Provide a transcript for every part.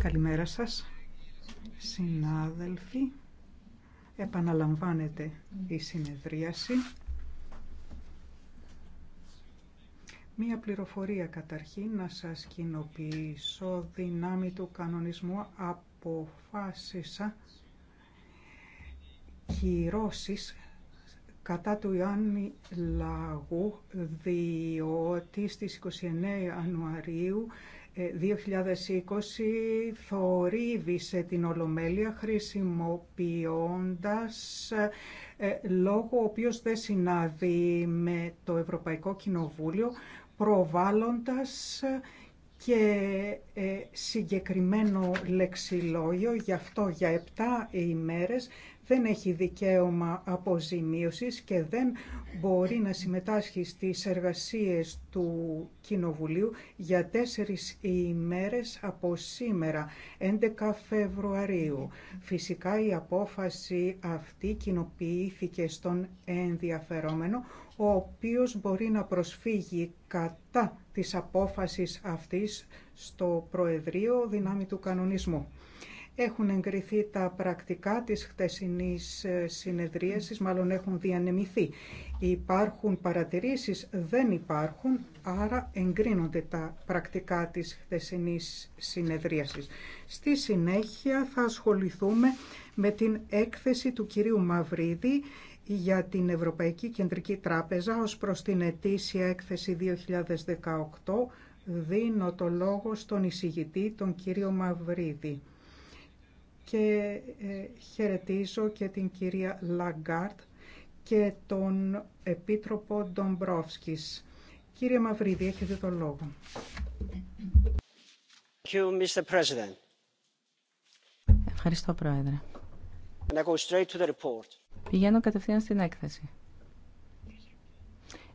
Καλημέρα σας, συνάδελφοι. Επαναλαμβάνεται η συνεδρίαση. Μία πληροφορία καταρχήν να σας κοινοποιήσω δυνάμει του κανονισμού αποφάσισα κατά του Ιωάννη Λαγού, διότι στις 29 Ιανουαρίου 2020 ε, θορύβησε την Ολομέλεια χρησιμοποιώντας ε, λόγο ο οποίος δεν συνάδει με το Ευρωπαϊκό Κοινοβούλιο προβάλλοντας και ε, συγκεκριμένο λεξιλόγιο, γι' αυτό για 7 ημέρες δεν έχει δικαίωμα αποζημίωσης και δεν μπορεί να συμμετάσχει στις εργασίες του Κοινοβουλίου για τέσσερις ημέρες από σήμερα, 11 Φεβρουαρίου. Φυσικά η απόφαση αυτή κοινοποιήθηκε στον ενδιαφερόμενο, ο οποίος μπορεί να προσφύγει κατά της απόφασης αυτής στο Προεδρείο Δυνάμει του Κανονισμού. Έχουν εγκριθεί τα πρακτικά της χτεσινής ε, συνεδρίασης, μάλλον έχουν διανεμηθεί. Υπάρχουν παρατηρήσεις, δεν υπάρχουν, άρα εγκρίνονται τα πρακτικά της χτεσινής συνεδρίασης. Στη συνέχεια θα ασχοληθούμε με την έκθεση του κυρίου Μαυρίδη για την Ευρωπαϊκή Κεντρική Τράπεζα ως προς την ετήσια έκθεση 2018. Δίνω το λόγο στον εισηγητή, τον κύριο Μαυρίδη και ε, χαιρετίζω και την κυρία Λαγκάρτ και τον Επίτροπο Ντομπρόφσκης. Κύριε Μαυρίδη, έχετε τον λόγο. Ευχαριστώ, Πρόεδρε. Πηγαίνω κατευθείαν στην έκθεση.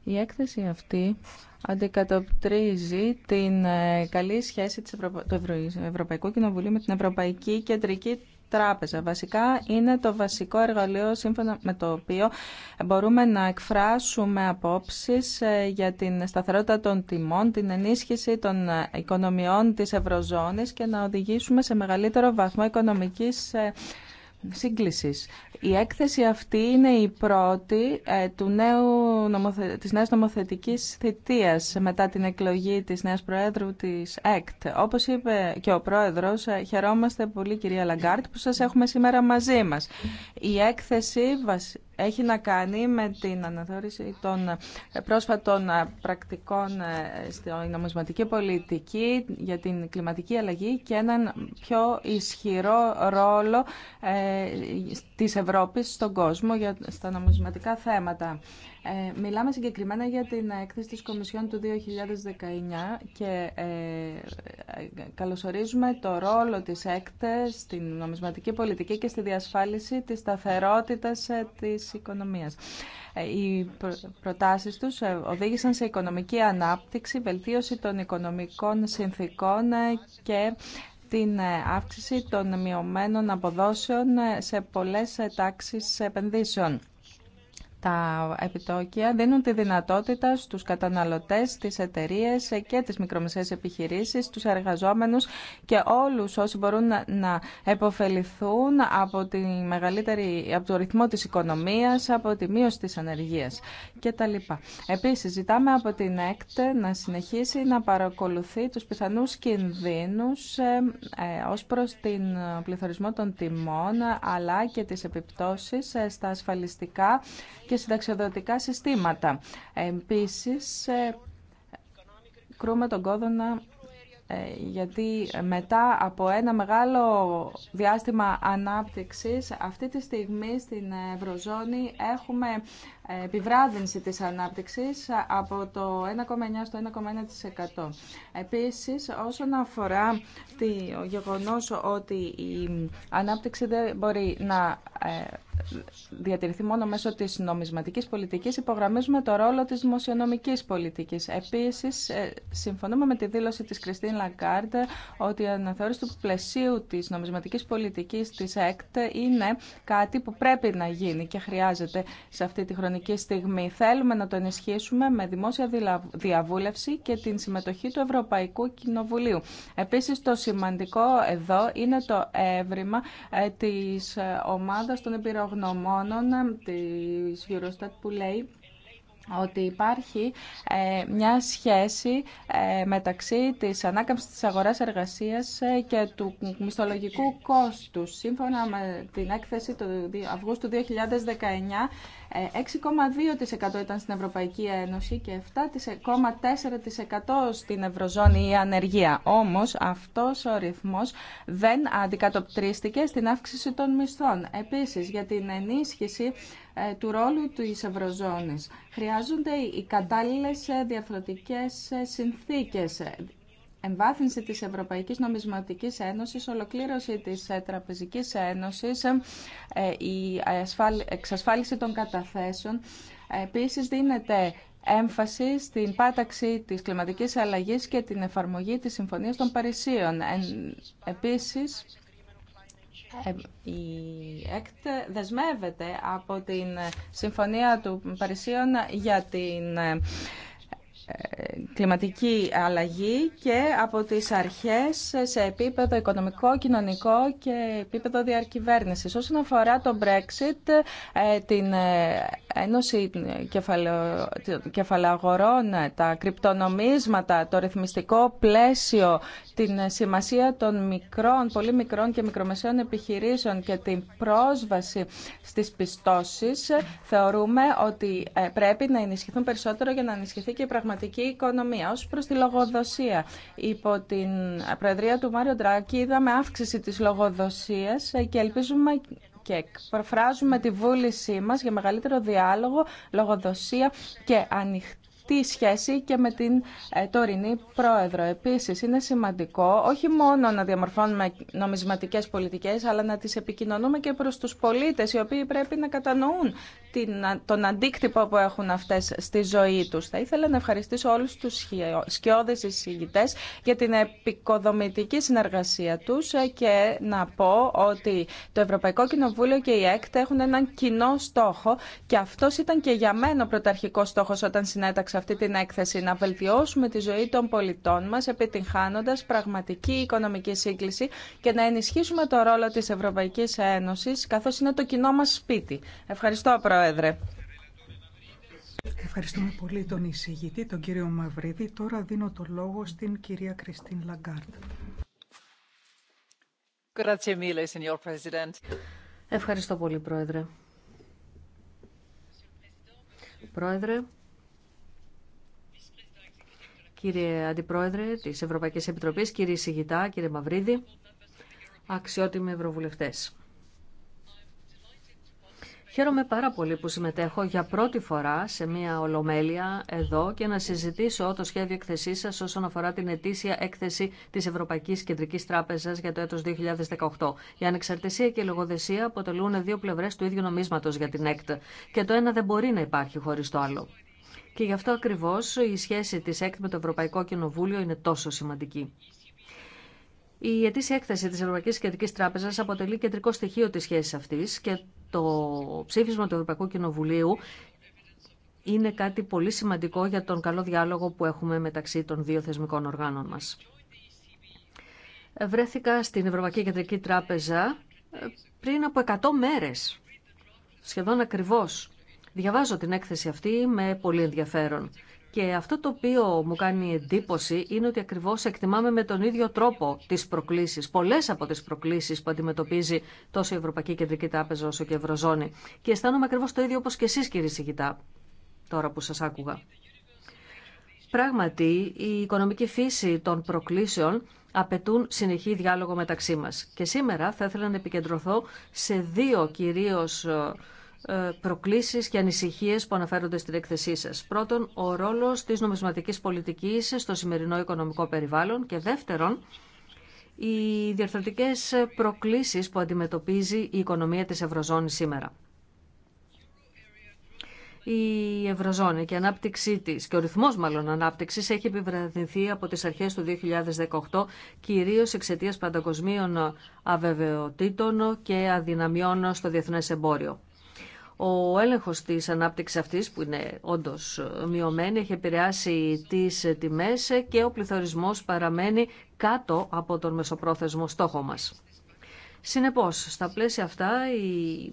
Η έκθεση αυτή αντικατοπτρίζει την ε, καλή σχέση του Ευρωπαϊκού Κοινοβουλίου με την Ευρωπαϊκή Κεντρική Τράπεζα. Βασικά είναι το βασικό εργαλείο σύμφωνα με το οποίο μπορούμε να εκφράσουμε απόψεις ε, για την σταθερότητα των τιμών, την ενίσχυση των οικονομιών της Ευρωζώνης και να οδηγήσουμε σε μεγαλύτερο βαθμό οικονομικής ε, Σύγκλησης. Η έκθεση αυτή είναι η πρώτη ε, του νέου νομοθε... της νέας νομοθετικής θητείας μετά την εκλογή της νέας Προέδρου της ΕΚΤ. Όπως είπε και ο Πρόεδρος, ε, χαιρόμαστε πολύ κυρία Λαγκάρτ που σας έχουμε σήμερα μαζί μας. Η έκθεση έχει να κάνει με την αναθεώρηση των πρόσφατων πρακτικών ε, στην νομισματική πολιτική για την κλιματική αλλαγή και έναν πιο ισχυρό ρόλο ε, της Ευρώπης στον κόσμο για στα νομισματικά θέματα. Ε, μιλάμε συγκεκριμένα για την έκθεση της Κομισιόν του 2019 και ε, καλωσορίζουμε το ρόλο της ΕΚΤΕ στην νομισματική πολιτική και στη διασφάλιση της σταθερότητας ε, της οικονομίας. Οι προτάσεις τους οδήγησαν σε οικονομική ανάπτυξη, βελτίωση των οικονομικών συνθήκων και την αύξηση των μειωμένων αποδόσεων σε πολλές τάξεις επενδύσεων. Τα επιτόκια δίνουν τη δυνατότητα στους καταναλωτές, τις εταιρείες και τις μικρομεσαίες επιχειρήσεις, τους εργαζόμενους και όλους όσοι μπορούν να επωφεληθούν από, τη μεγαλύτερη, από το ρυθμό της οικονομίας, από τη μείωση της ανεργίας κτλ. Επίσης, ζητάμε από την ΕΚΤ να συνεχίσει να παρακολουθεί τους πιθανούς κινδύνους ε, ε, ως προς την πληθωρισμό των τιμών αλλά και τις επιπτώσεις ε, στα ασφαλιστικά και συνταξιοδοτικά συστήματα. Επίσης, ε, κρούμε τον κόδωνα ε, γιατί μετά από ένα μεγάλο διάστημα ανάπτυξης αυτή τη στιγμή στην Ευρωζώνη έχουμε επιβράδυνση της ανάπτυξης από το 1,9% στο 1,1%. Επίσης, όσον αφορά το γεγονός ότι η ανάπτυξη δεν μπορεί να ε, διατηρηθεί μόνο μέσω της νομισματικής πολιτικής, υπογραμμίζουμε το ρόλο της δημοσιονομικής πολιτικής. Επίσης, ε, συμφωνούμε με τη δήλωση της Κριστίν Λαγκάρντ ότι η αναθεώρηση του πλαισίου της νομισματικής πολιτικής της ΕΚΤ είναι κάτι που πρέπει να γίνει και χρειάζεται σε αυτή τη χρονική στιγμή. Θέλουμε να το ενισχύσουμε με δημόσια διαβούλευση και την συμμετοχή του Ευρωπαϊκού Κοινοβουλίου. Επίσης, το σημαντικό εδώ είναι το έβριμα ε, της ε, ομάδας των εμπειρογνωμόνων ε, της Eurostat που λέει ότι υπάρχει μια σχέση μεταξύ της ανάκαμψης της αγοράς εργασίας και του μισθολογικού κόστου. Σύμφωνα με την έκθεση του Αυγούστου 2019, 6,2% ε, ήταν στην Ευρωπαϊκή Ένωση και 7,4% στην Ευρωζώνη η ανεργία. Όμως αυτός ο ρυθμός δεν αντικατοπτρίστηκε στην αύξηση των μισθών. Επίσης για την ενίσχυση ε, του ρόλου της Ευρωζώνης. Χρειάζονται οι κατάλληλες ε, διαφορετικές συνθήκες εμβάθυνση της Ευρωπαϊκής Νομισματικής Ένωσης, ολοκλήρωση της ε, Τραπεζικής Ένωσης, ε, η ε, εξασφάλιση των καταθέσεων. Επίσης δίνεται έμφαση στην πάταξη της κλιματικής αλλαγής και την εφαρμογή της Συμφωνίας των Παρισίων. Επίσης, η ΕΚΤ δεσμεύεται από την Συμφωνία του Παρισίων για την κλιματική αλλαγή και από τις αρχές σε επίπεδο οικονομικό, κοινωνικό και επίπεδο διακυβέρνησης. Όσον αφορά το Brexit, ε, την ε, Ένωση Κεφαλαγορών, τα κρυπτονομίσματα, το ρυθμιστικό πλαίσιο, την σημασία των μικρών, πολύ μικρών και μικρομεσαίων επιχειρήσεων και την πρόσβαση στις πιστώσεις, θεωρούμε ότι ε, πρέπει να ενισχυθούν περισσότερο για να ενισχυθεί και η πραγματικότητα πραγματική οικονομία. Ως προς τη λογοδοσία, υπό την Προεδρία του Μάριο Ντράκη είδαμε αύξηση της λογοδοσίας και ελπίζουμε και προφράζουμε τη βούλησή μας για μεγαλύτερο διάλογο, λογοδοσία και ανοιχτή τη σχέση και με την ε, τωρινή πρόεδρο. Επίση είναι σημαντικό όχι μόνο να διαμορφώνουμε νομισματικές πολιτικέ, αλλά να τι επικοινωνούμε και προ του πολίτε, οι οποίοι πρέπει να κατανοούν τον αντίκτυπο που έχουν αυτέ στη ζωή του. Θα ήθελα να ευχαριστήσω όλου του σκιώδε εισηγητέ για την επικοδομητική συνεργασία τους ε, και να πω ότι το Ευρωπαϊκό Κοινοβούλιο και η ΕΚΤ έχουν έναν κοινό στόχο και αυτό ήταν και για μένα ο πρωταρχικό στόχο όταν συνέταξα αυτή την έκθεση, να βελτιώσουμε τη ζωή των πολιτών μας επιτυγχάνοντας πραγματική οικονομική σύγκληση και να ενισχύσουμε το ρόλο της Ευρωπαϊκής Ένωσης καθώς είναι το κοινό μας σπίτι. Ευχαριστώ Πρόεδρε. Ευχαριστούμε πολύ τον εισηγητή, τον κύριο Μαυρίδη. Τώρα δίνω το λόγο στην κυρία Κριστίν Λαγκάρτ. Ευχαριστώ πολύ, Πρόεδρε. Πρόεδρε, κύριε Αντιπρόεδρε της Ευρωπαϊκής Επιτροπής, κύριε Σιγητά, κύριε Μαυρίδη, αξιότιμοι ευρωβουλευτές. Χαίρομαι πάρα πολύ που συμμετέχω για πρώτη φορά σε μια ολομέλεια εδώ και να συζητήσω το σχέδιο εκθεσή σα όσον αφορά την ετήσια έκθεση τη Ευρωπαϊκή Κεντρική Τράπεζα για το έτο 2018. Η ανεξαρτησία και η λογοδεσία αποτελούν δύο πλευρέ του ίδιου νομίσματο για την ΕΚΤ και το ένα δεν μπορεί να υπάρχει χωρί το άλλο. Και γι' αυτό ακριβώς η σχέση της ΕΚΤ με το Ευρωπαϊκό Κοινοβούλιο είναι τόσο σημαντική. Η ετήσια έκθεση της Ευρωπαϊκή Κεντρική Τράπεζα αποτελεί κεντρικό στοιχείο της σχέσης αυτής και το ψήφισμα του Ευρωπαϊκού Κοινοβουλίου είναι κάτι πολύ σημαντικό για τον καλό διάλογο που έχουμε μεταξύ των δύο θεσμικών οργάνων μας. Βρέθηκα στην Ευρωπαϊκή Κεντρική Τράπεζα πριν από 100 μέρες, σχεδόν ακριβώς. Διαβάζω την έκθεση αυτή με πολύ ενδιαφέρον. Και αυτό το οποίο μου κάνει εντύπωση είναι ότι ακριβώ εκτιμάμε με τον ίδιο τρόπο τις προκλήσεις, πολλέ από τι προκλήσει που αντιμετωπίζει τόσο η Ευρωπαϊκή Κεντρική Τράπεζα όσο και η Ευρωζώνη. Και αισθάνομαι ακριβώ το ίδιο όπως και εσείς κύριε Σιγητά, τώρα που σα άκουγα. Πράγματι, η οικονομική φύση των προκλήσεων απαιτούν συνεχή διάλογο μεταξύ μας. Και σήμερα θα ήθελα να επικεντρωθώ σε δύο κυρίως ε, προκλήσεις και ανησυχίες που αναφέρονται στην έκθεσή σας. Πρώτον, ο ρόλος της νομισματικής πολιτικής στο σημερινό οικονομικό περιβάλλον και δεύτερον, οι διαρθρωτικές προκλήσεις που αντιμετωπίζει η οικονομία της Ευρωζώνης σήμερα. Η Ευρωζώνη και η ανάπτυξή της και ο ρυθμό μάλλον ανάπτυξης έχει επιβραδυνθεί από τι αρχές του 2018 κυρίω εξαιτία παντακοσμίων αβεβαιοτήτων και αδυναμιών στο διεθνέ εμπόριο. Ο έλεγχος της ανάπτυξης αυτής που είναι όντως μειωμένη έχει επηρεάσει τις τιμές και ο πληθωρισμός παραμένει κάτω από τον μεσοπρόθεσμο στόχο μας. Συνεπώς, στα πλαίσια αυτά,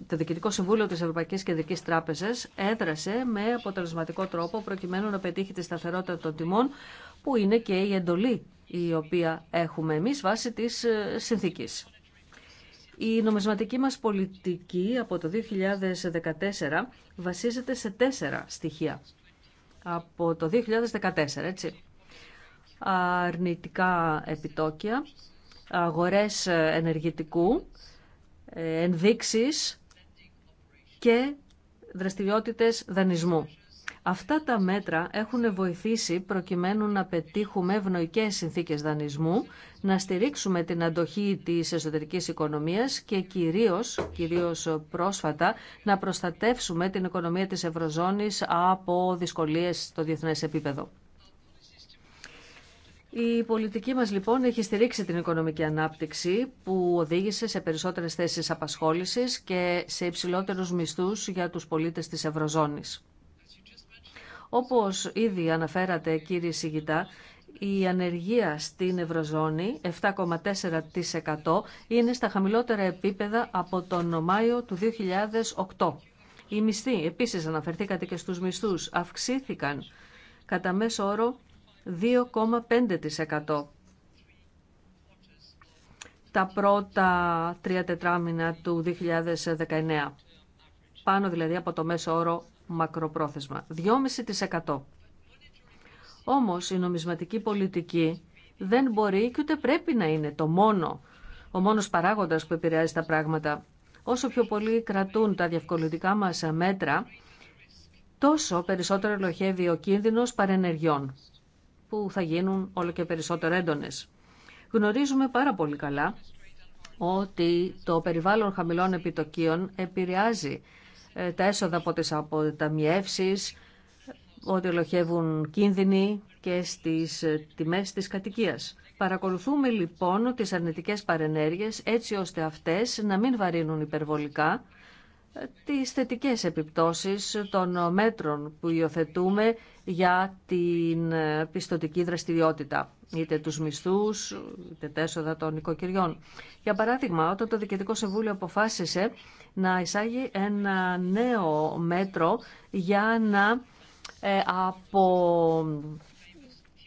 το Διοικητικό Συμβούλιο της Ευρωπαϊκής Κεντρικής Τράπεζας έδρασε με αποτελεσματικό τρόπο προκειμένου να πετύχει τη σταθερότητα των τιμών που είναι και η εντολή η οποία έχουμε εμείς βάσει της συνθήκης. Η νομισματική μας πολιτική από το 2014 βασίζεται σε τέσσερα στοιχεία. Από το 2014, έτσι. Αρνητικά επιτόκια, αγορές ενεργητικού, ενδείξεις και δραστηριότητες δανεισμού. Αυτά τα μέτρα έχουν βοηθήσει προκειμένου να πετύχουμε ευνοϊκέ συνθήκες δανεισμού, να στηρίξουμε την αντοχή της εσωτερικής οικονομίας και κυρίως, κυρίως πρόσφατα να προστατεύσουμε την οικονομία της Ευρωζώνης από δυσκολίες στο διεθνές επίπεδο. Η πολιτική μας λοιπόν έχει στηρίξει την οικονομική ανάπτυξη που οδήγησε σε περισσότερες θέσεις απασχόλησης και σε υψηλότερους μισθούς για τους πολίτες της Ευρωζώνης. Όπως ήδη αναφέρατε κύριε Σιγητά, η ανεργία στην Ευρωζώνη, 7,4% είναι στα χαμηλότερα επίπεδα από τον Μάιο του 2008. Οι μισθοί, επίσης αναφερθήκατε και στους μισθούς, αυξήθηκαν κατά μέσο όρο 2,5%. Τα πρώτα τρία τετράμινα του 2019, πάνω δηλαδή από το μέσο όρο μακροπρόθεσμα. 2,5%. Όμως η νομισματική πολιτική δεν μπορεί και ούτε πρέπει να είναι το μόνο, ο μόνος παράγοντας που επηρεάζει τα πράγματα. Όσο πιο πολύ κρατούν τα διευκολυντικά μας μέτρα, τόσο περισσότερο ελοχεύει ο κίνδυνος παρενεργειών, που θα γίνουν όλο και περισσότερο έντονες. Γνωρίζουμε πάρα πολύ καλά ότι το περιβάλλον χαμηλών επιτοκίων επηρεάζει ε, τα έσοδα από τις αποταμιεύσεις, ότι ολοχεύουν κίνδυνοι και στις ε, τιμές της κατοικίας. Παρακολουθούμε λοιπόν τις αρνητικές παρενέργειες έτσι ώστε αυτές να μην βαρύνουν υπερβολικά ε, τις θετικές επιπτώσεις των μέτρων που υιοθετούμε για την πιστοτική δραστηριότητα είτε τους μισθούς, είτε τα των οικοκυριών. Για παράδειγμα, όταν το Διοικητικό Συμβούλιο αποφάσισε να εισάγει ένα νέο μέτρο για να ε, από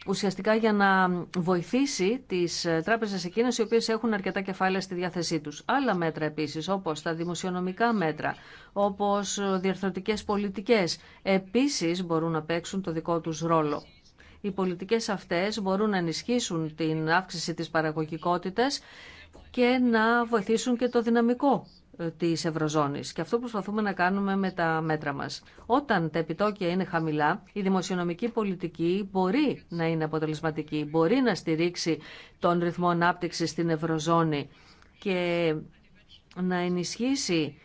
ουσιαστικά για να βοηθήσει τις ε, τράπεζες εκείνες οι οποίες έχουν αρκετά κεφάλαια στη διάθεσή τους. Άλλα μέτρα επίσης, όπως τα δημοσιονομικά μέτρα, όπως διαρθρωτικές πολιτικές, επίσης μπορούν να παίξουν το δικό τους ρόλο. Οι πολιτικές αυτές μπορούν να ενισχύσουν την αύξηση της παραγωγικότητας και να βοηθήσουν και το δυναμικό ε, της Ευρωζώνης. Και αυτό προσπαθούμε να κάνουμε με τα μέτρα μας. Όταν τα επιτόκια είναι χαμηλά, η δημοσιονομική πολιτική μπορεί να είναι αποτελεσματική, μπορεί να στηρίξει τον ρυθμό ανάπτυξη στην Ευρωζώνη και να ενισχύσει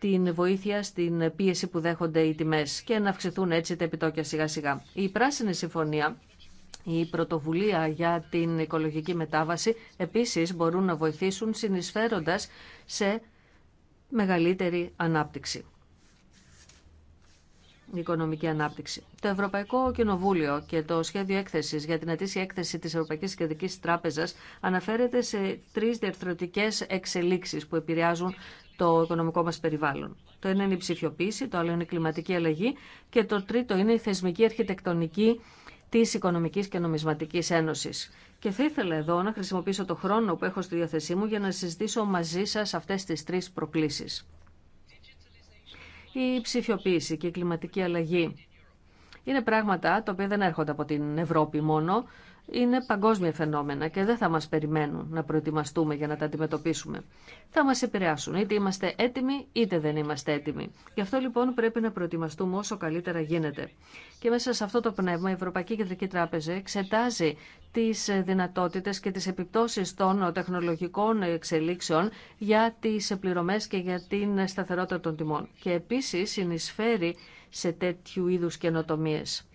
την βοήθεια στην πίεση που δέχονται οι τιμές και να αυξηθούν έτσι τα επιτόκια σιγά σιγά. Η Πράσινη Συμφωνία η πρωτοβουλία για την οικολογική μετάβαση επίσης μπορούν να βοηθήσουν συνεισφέροντας σε μεγαλύτερη ανάπτυξη. οικονομική ανάπτυξη. Το Ευρωπαϊκό Κοινοβούλιο και το σχέδιο έκθεση για την ετήσια έκθεση τη Ευρωπαϊκή Κεντρική Τράπεζα αναφέρεται σε τρει διαρθρωτικέ εξελίξει που επηρεάζουν το οικονομικό μας περιβάλλον. Το ένα είναι η ψηφιοποίηση, το άλλο είναι η κλιματική αλλαγή και το τρίτο είναι η θεσμική αρχιτεκτονική της Οικονομικής και Νομισματικής Ένωσης. Και θα ήθελα εδώ να χρησιμοποιήσω το χρόνο που έχω στη διάθεσή μου για να συζητήσω μαζί σας αυτές τις τρεις προκλήσεις. Η ψηφιοποίηση και η κλιματική αλλαγή είναι πράγματα τα οποία δεν έρχονται από την Ευρώπη μόνο, είναι παγκόσμια φαινόμενα και δεν θα μας περιμένουν να προετοιμαστούμε για να τα αντιμετωπίσουμε. Θα μας επηρεάσουν, είτε είμαστε έτοιμοι είτε δεν είμαστε έτοιμοι. Γι' αυτό λοιπόν πρέπει να προετοιμαστούμε όσο καλύτερα γίνεται. Και μέσα σε αυτό το πνεύμα η Ευρωπαϊκή Κεντρική Τράπεζα εξετάζει τις δυνατότητες και τις επιπτώσεις των τεχνολογικών εξελίξεων για τις πληρωμές και για την σταθερότητα των τιμών. Και επίσης συνεισφέρει σε τέτοιου είδους καινοτομίες.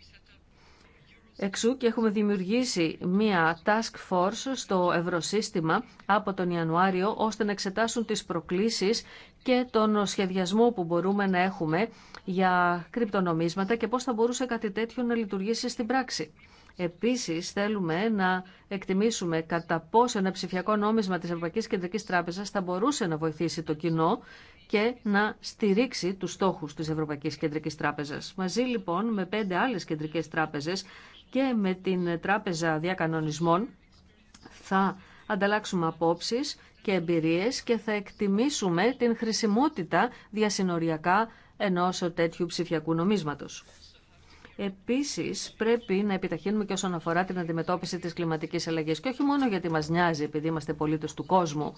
Εξού και έχουμε δημιουργήσει μία task force στο ευρωσύστημα από τον Ιανουάριο ώστε να εξετάσουν τις προκλήσεις και τον σχεδιασμό που μπορούμε να έχουμε για κρυπτονομίσματα και πώς θα μπορούσε κάτι τέτοιο να λειτουργήσει στην πράξη. Επίσης θέλουμε να εκτιμήσουμε κατά πόσο ένα ψηφιακό νόμισμα της Ευρωπαϊκής Κεντρικής Τράπεζας θα μπορούσε να βοηθήσει το κοινό και να στηρίξει τους στόχους της Ευρωπαϊκής Κεντρικής Τράπεζας. Μαζί λοιπόν με πέντε άλλες κεντρικές τράπεζες και με την Τράπεζα Διακανονισμών θα ανταλλάξουμε απόψεις και εμπειρίες και θα εκτιμήσουμε την χρησιμότητα διασυνοριακά ενός τέτοιου ψηφιακού νομίσματος. Επίσης, πρέπει να επιταχύνουμε και όσον αφορά την αντιμετώπιση της κλιματικής αλλαγής και όχι μόνο γιατί μας νοιάζει επειδή είμαστε πολίτες του κόσμου.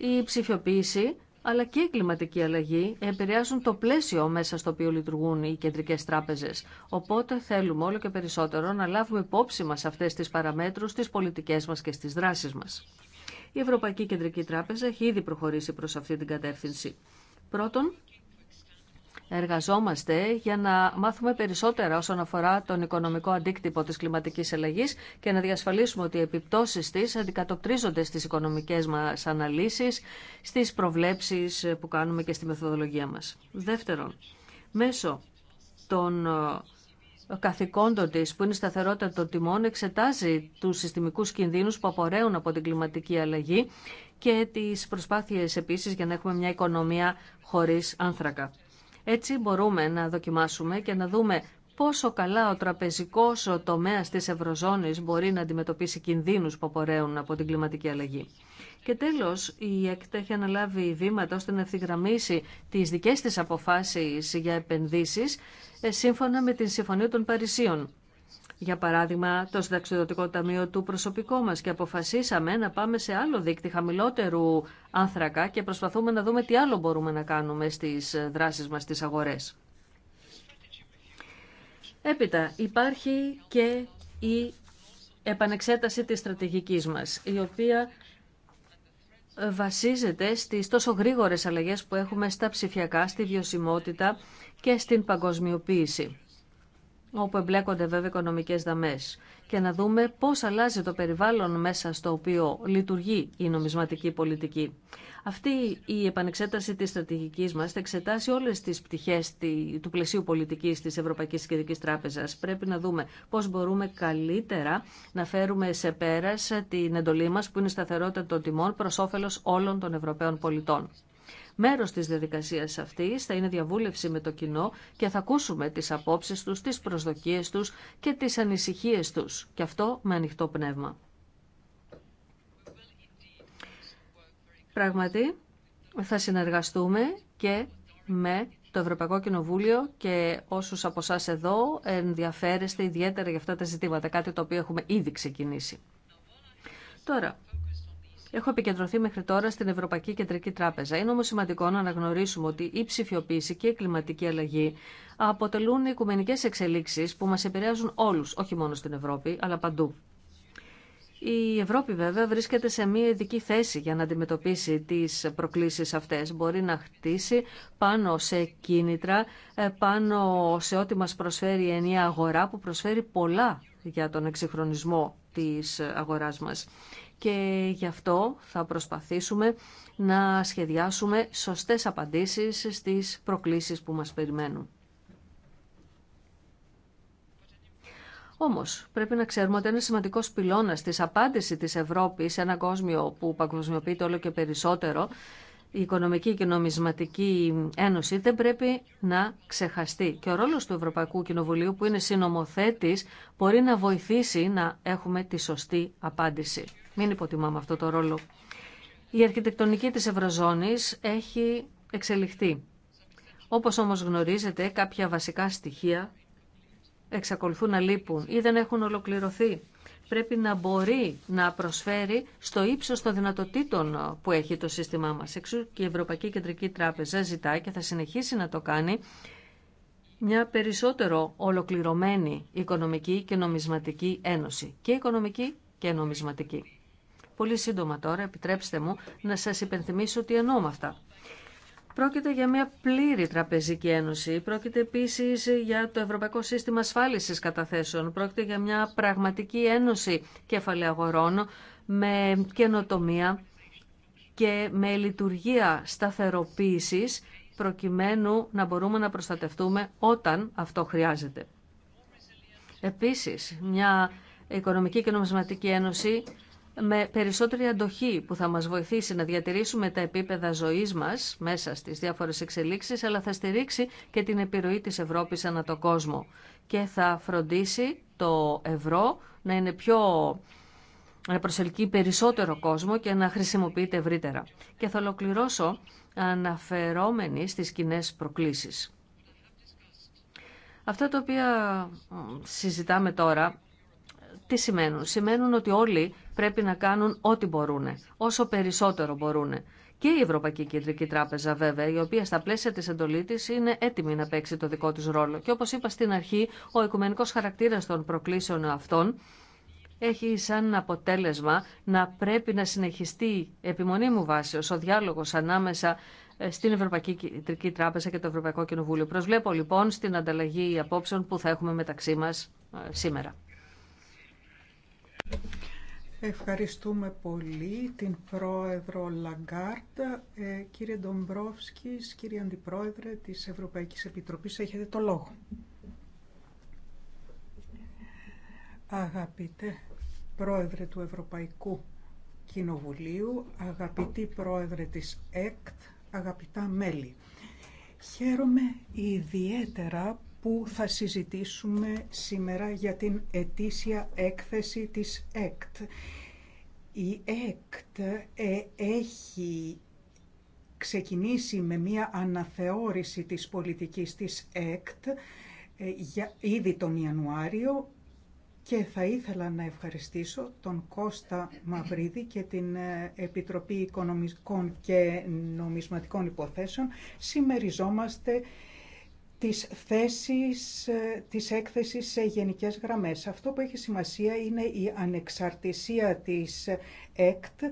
Η ψηφιοποίηση αλλά και η κλιματική αλλαγή επηρεάζουν το πλαίσιο μέσα στο οποίο λειτουργούν οι κεντρικές τράπεζες. Οπότε θέλουμε όλο και περισσότερο να λάβουμε υπόψη μα αυτές τις παραμέτρους στις πολιτικέ μας και στις δράσεις μας. Η Ευρωπαϊκή Κεντρική Τράπεζα έχει ήδη προχωρήσει προς αυτή την κατεύθυνση. Πρώτον, εργαζόμαστε για να μάθουμε περισσότερα όσον αφορά τον οικονομικό αντίκτυπο της κλιματικής αλλαγής και να διασφαλίσουμε ότι οι επιπτώσεις της αντικατοπτρίζονται στις οικονομικές μας αναλύσεις, στις προβλέψεις που κάνουμε και στη μεθοδολογία μας. Δεύτερον, μέσω των ε, καθηκόντων τη που είναι η σταθερότητα των τιμών εξετάζει του συστημικού κινδύνου που απορρέουν από την κλιματική αλλαγή και τι προσπάθειε επίση για να έχουμε μια οικονομία χωρί άνθρακα. Έτσι μπορούμε να δοκιμάσουμε και να δούμε πόσο καλά ο τραπεζικός τομέας της Ευρωζώνης μπορεί να αντιμετωπίσει κινδύνους που απορρέουν από την κλιματική αλλαγή. Και τέλος, η ΕΚΤ έχει αναλάβει βήματα ώστε να ευθυγραμμίσει τις δικές της αποφάσεις για επενδύσεις ε, σύμφωνα με την Συμφωνία των Παρισίων για παράδειγμα το συνταξιδοτικό ταμείο του προσωπικού μας και αποφασίσαμε να πάμε σε άλλο δίκτυο, χαμηλότερου άνθρακα και προσπαθούμε να δούμε τι άλλο μπορούμε να κάνουμε στις δράσεις μας στις αγορές. Έπειτα υπάρχει και η επανεξέταση της στρατηγικής μας, η οποία βασίζεται στις τόσο γρήγορες αλλαγές που έχουμε στα ψηφιακά, στη βιωσιμότητα και στην παγκοσμιοποίηση όπου εμπλέκονται βέβαια οικονομικές δαμές και να δούμε πώς αλλάζει το περιβάλλον μέσα στο οποίο λειτουργεί η νομισματική πολιτική. Αυτή η επανεξέταση της στρατηγικής μας θα εξετάσει όλες τις πτυχές του πλαισίου πολιτική τη Ευρωπαϊκή Κεντρική Τράπεζα. Πρέπει να δούμε πώς μπορούμε καλύτερα να φέρουμε σε πέρα την εντολή μα που είναι σταθερότητα των τιμών προ όφελο όλων των Ευρωπαίων πολιτών. Μέρος τη διαδικασία αυτή θα είναι διαβούλευση με το κοινό και θα ακούσουμε τις απόψει τους, τις προσδοκίες τους και τις ανησυχίες τους. Και αυτό με ανοιχτό πνεύμα. Πράγματι, θα συνεργαστούμε και με το Ευρωπαϊκό Κοινοβούλιο και όσους από εσά εδώ ενδιαφέρεστε ιδιαίτερα για αυτά τα ζητήματα, κάτι το οποίο έχουμε ήδη ξεκινήσει. Τώρα, Έχω επικεντρωθεί μέχρι τώρα στην Ευρωπαϊκή Κεντρική Τράπεζα. Είναι όμω σημαντικό να αναγνωρίσουμε ότι η ψηφιοποίηση και η κλιματική αλλαγή αποτελούν οικουμενικέ εξελίξει που μα επηρεάζουν όλου, όχι μόνο στην Ευρώπη, αλλά παντού. Η Ευρώπη βέβαια βρίσκεται σε μια ειδική θέση για να αντιμετωπίσει τι προκλήσει αυτέ. Μπορεί να χτίσει πάνω σε κίνητρα, ε, πάνω σε ό,τι μα προσφέρει η ενιαία αγορά που προσφέρει πολλά για τον εξυγχρονισμό τη αγοράς μας και γι' αυτό θα προσπαθήσουμε να σχεδιάσουμε σωστές απαντήσεις στις προκλήσεις που μας περιμένουν. Όμως, πρέπει να ξέρουμε ότι ένα σημαντικό πυλώνα τη απάντηση της Ευρώπης σε ένα κόσμο που παγκοσμιοποιείται όλο και περισσότερο, η Οικονομική και Νομισματική Ένωση δεν πρέπει να ξεχαστεί. Και ο ρόλος του Ευρωπαϊκού Κοινοβουλίου που είναι συνομοθέτης μπορεί να βοηθήσει να έχουμε τη σωστή απάντηση. Μην υποτιμάμε αυτό το ρόλο. Η αρχιτεκτονική της Ευρωζώνης έχει εξελιχθεί. Όπως όμως γνωρίζετε, κάποια βασικά στοιχεία εξακολουθούν να λείπουν ή δεν έχουν ολοκληρωθεί. Πρέπει να μπορεί να προσφέρει στο ύψος των δυνατοτήτων που έχει το σύστημά μας. Εξού και η Ευρωπαϊκή Κεντρική Τράπεζα ζητάει και θα συνεχίσει να το κάνει μια περισσότερο ολοκληρωμένη οικονομική και νομισματική ένωση. Και οικονομική και νομισματική. Πολύ σύντομα τώρα επιτρέψτε μου να σας υπενθυμίσω τι εννοώ με αυτά. Πρόκειται για μια πλήρη τραπεζική ένωση. Πρόκειται επίση για το Ευρωπαϊκό Σύστημα Ασφάλισης Καταθέσεων. Πρόκειται για μια πραγματική ένωση κεφαλαίου αγορών με καινοτομία και με λειτουργία σταθεροποίηση προκειμένου να μπορούμε να προστατευτούμε όταν αυτό χρειάζεται. Επίσης, μια οικονομική και νομισματική ένωση με περισσότερη αντοχή που θα μας βοηθήσει να διατηρήσουμε τα επίπεδα ζωής μας μέσα στις διάφορες εξελίξεις, αλλά θα στηρίξει και την επιρροή της Ευρώπης ανά το κόσμο και θα φροντίσει το ευρώ να είναι πιο να προσελκύει περισσότερο κόσμο και να χρησιμοποιείται ευρύτερα. Και θα ολοκληρώσω αναφερόμενοι στις κοινέ προκλήσεις. Αυτά τα οποία συζητάμε τώρα τι σημαίνουν. Σημαίνουν ότι όλοι πρέπει να κάνουν ό,τι μπορούν, όσο περισσότερο μπορούν. Και η Ευρωπαϊκή Κεντρική Τράπεζα, βέβαια, η οποία στα πλαίσια τη εντολή τη είναι έτοιμη να παίξει το δικό τη ρόλο. Και όπω είπα στην αρχή, ο οικουμενικό χαρακτήρα των προκλήσεων αυτών έχει σαν αποτέλεσμα να πρέπει να συνεχιστεί επιμονή μου βάση ο διάλογο ανάμεσα ε, στην Ευρωπαϊκή Κεντρική Τράπεζα και το Ευρωπαϊκό Κοινοβούλιο. Προσβλέπω λοιπόν στην ανταλλαγή απόψεων που θα έχουμε μεταξύ μα ε, σήμερα. Ευχαριστούμε πολύ την πρόεδρο Λαγκάρτα. Ε, κύριε Ντομπρόφσκης, κύριε Αντιπρόεδρε της Ευρωπαϊκής Επιτροπής, έχετε το λόγο. Αγαπητέ Πρόεδρε του Ευρωπαϊκού Κοινοβουλίου, αγαπητή Πρόεδρε της ΕΚΤ, αγαπητά μέλη. Χαίρομαι ιδιαίτερα που θα συζητήσουμε σήμερα για την ετήσια έκθεση της ΕΚΤ. Η ΕΚΤ ε, έχει ξεκινήσει με μία αναθεώρηση της πολιτικής της ΕΚΤ ε, για, ήδη τον Ιανουάριο και θα ήθελα να ευχαριστήσω τον Κώστα Μαυρίδη και την ε, Επιτροπή Οικονομικών και Νομισματικών Υποθέσεων. Σημεριζόμαστε τις θέσεις ε, της έκθεσης σε γενικές γραμμές. Αυτό που έχει σημασία είναι η ανεξαρτησία της ΕΚΤ ε,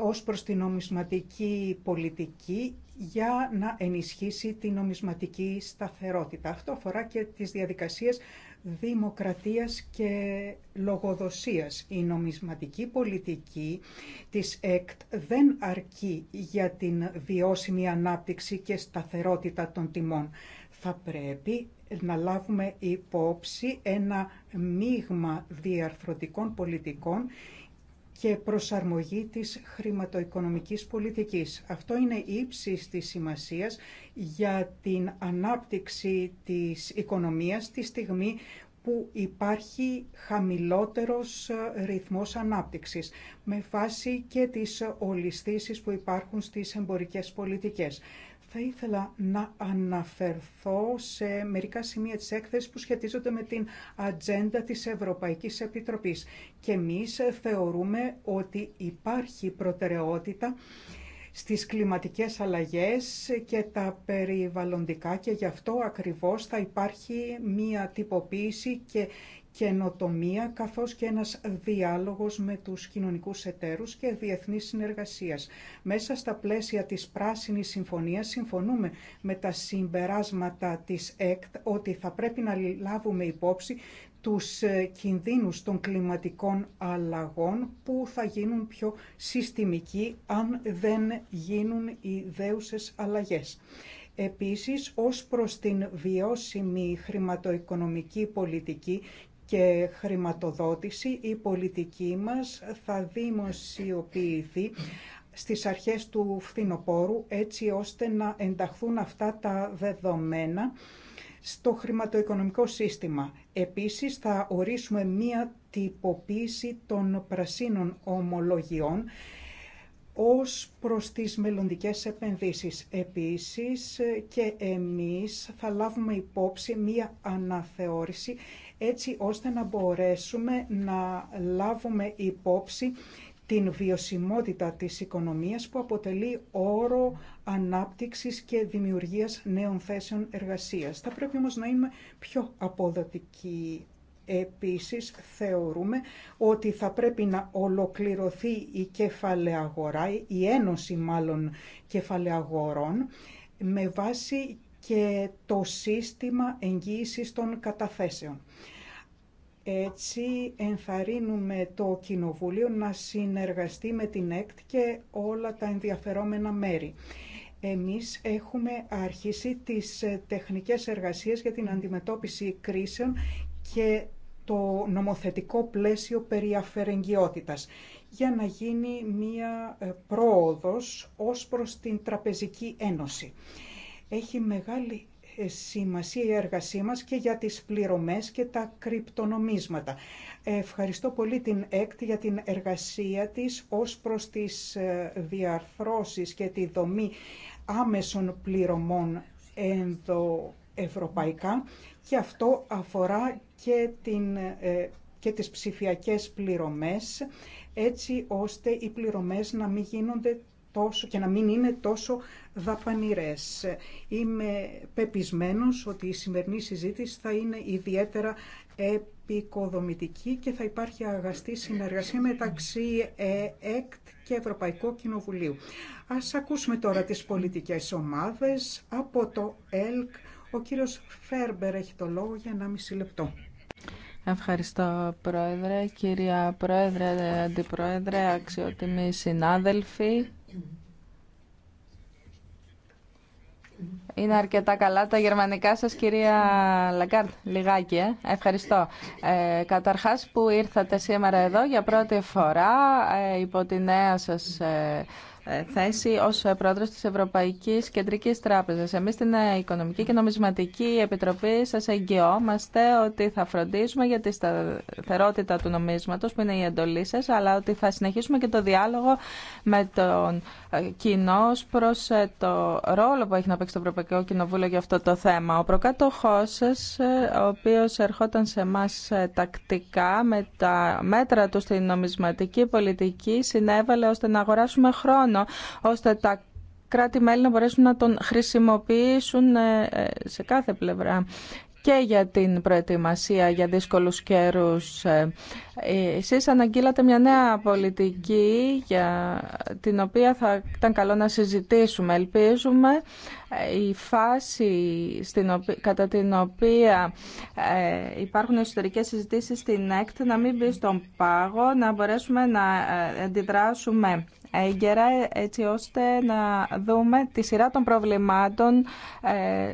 ως προς την νομισματική πολιτική για να ενισχύσει την νομισματική σταθερότητα. Αυτό αφορά και τις διαδικασίες δημοκρατίας και λογοδοσίας. Η νομισματική πολιτική της ΕΚΤ δεν αρκεί για την βιώσιμη ανάπτυξη και σταθερότητα των τιμών θα πρέπει να λάβουμε υπόψη ένα μείγμα διαρθρωτικών πολιτικών και προσαρμογή της χρηματοοικονομικής πολιτικής. Αυτό είναι ύψης της σημασίας για την ανάπτυξη της οικονομίας τη στιγμή που υπάρχει χαμηλότερος ε, ρυθμός ανάπτυξης με βάση και τις ολισθήσεις που υπάρχουν στις εμπορικές πολιτικές. Θα ήθελα να αναφερθώ σε μερικά σημεία της έκθεσης που σχετίζονται με την ατζέντα της Ευρωπαϊκής Επιτροπής. Και εμείς θεωρούμε ότι υπάρχει προτεραιότητα στις κλιματικές αλλαγές και τα περιβαλλοντικά και γι' αυτό ακριβώς θα υπάρχει μία τυποποίηση και καινοτομία καθώς και ένας διάλογος με τους κοινωνικούς εταίρους και διεθνής συνεργασίας. Μέσα στα πλαίσια της Πράσινης Συμφωνίας συμφωνούμε με τα συμπεράσματα της ΕΚΤ ότι θα πρέπει να λάβουμε υπόψη τους ε, κινδύνους των κλιματικών αλλαγών που θα γίνουν πιο συστημικοί αν δεν γίνουν οι δέουσες αλλαγές. Επίσης, ως προς την βιώσιμη χρηματοοικονομική πολιτική και χρηματοδότηση, η πολιτική μας θα δημοσιοποιηθεί στις αρχές του φθινοπόρου έτσι ώστε να ενταχθούν αυτά τα δεδομένα στο χρηματοοικονομικό σύστημα. Επίσης θα ορίσουμε μία τυποποίηση των πρασίνων ομολογιών ως προς τις μελλοντικές επενδύσεις. Επίσης και εμείς θα λάβουμε υπόψη μία αναθεώρηση έτσι ώστε να μπορέσουμε να λάβουμε υπόψη την βιωσιμότητα της οικονομίας που αποτελεί όρο ανάπτυξης και δημιουργίας νέων θέσεων εργασίας. Θα πρέπει όμως να είμαι πιο αποδοτικοί. Επίσης θεωρούμε ότι θα πρέπει να ολοκληρωθεί η αγορά, η ένωση μάλλον κεφαλαιαγορών, με βάση και το σύστημα εγγύησης των καταθέσεων. Έτσι ενθαρρύνουμε το Κοινοβούλιο να συνεργαστεί με την ΕΚΤ και όλα τα ενδιαφερόμενα μέρη. Εμείς έχουμε αρχίσει τις ε, τεχνικές εργασίες για την αντιμετώπιση κρίσεων και το νομοθετικό πλαίσιο περί για να γίνει μία ε, πρόοδος ως προς την Τραπεζική Ένωση. Έχει μεγάλη ε, σημασία η έργασή μας και για τις πληρωμές και τα κρυπτονομίσματα. Ευχαριστώ πολύ την ΕΚΤ για την εργασία της ως προς τις ε, διαρθρώσεις και τη δομή άμεσων πληρωμών ενδοευρωπαϊκά και αυτό αφορά και, την, ε, και τις ψηφιακές πληρωμές έτσι ώστε οι πληρωμές να μην γίνονται και να μην είναι τόσο δαπανηρές. Είμαι πεπισμένος ότι η σημερινή συζήτηση θα είναι ιδιαίτερα επικοδομητική και θα υπάρχει αγαστή συνεργασία μεταξύ ΕΕΚΤ και Ευρωπαϊκού Κοινοβουλίου. Ας ακούσουμε τώρα τις πολιτικές ομάδες. Από το ΕΛΚ ο κύριος Φέρμπερ έχει το λόγο για 1,5 λεπτό. Ευχαριστώ Πρόεδρε, κυρία Πρόεδρε, Αντιπρόεδρε, αξιότιμοι συνάδελφοι. Είναι αρκετά καλά τα γερμανικά σας, κυρία Λαγκάρτ, λιγάκι, ε. Ευχαριστώ. Ε, καταρχάς που ήρθατε σήμερα εδώ για πρώτη φορά ε, υπό τη νέα σας ε, ε, θέση ως ε, πρόεδρος της Ευρωπαϊκής Κεντρικής Τράπεζας. Εμείς στην ε, Οικονομική και Νομισματική Επιτροπή σας εγγυόμαστε ότι θα φροντίσουμε για τη σταθερότητα του νομίσματος που είναι η εντολή σα, αλλά ότι θα συνεχίσουμε και το διάλογο με τον κοινό προς το ρόλο που έχει να παίξει το Ευρωπαϊκό Κοινοβούλιο για αυτό το θέμα. Ο προκάτοχός σας, ο οποίος ερχόταν σε εμά τακτικά με τα μέτρα του στην νομισματική πολιτική, συνέβαλε ώστε να αγοράσουμε χρόνο ώστε τα κράτη-μέλη να μπορέσουν να τον χρησιμοποιήσουν ε, ε, σε κάθε πλευρά και για την προετοιμασία για δύσκολους καιρούς. Ε, εσείς αναγγείλατε μια νέα πολιτική για την οποία θα ήταν καλό να συζητήσουμε. Ελπίζουμε η φάση κατά την οποία υπάρχουν εσωτερικές συζητήσεις στην ΕΚΤ να μην μπει στον πάγο, να μπορέσουμε να αντιδράσουμε έγκαιρα έτσι ώστε να δούμε τη σειρά των προβλημάτων ε,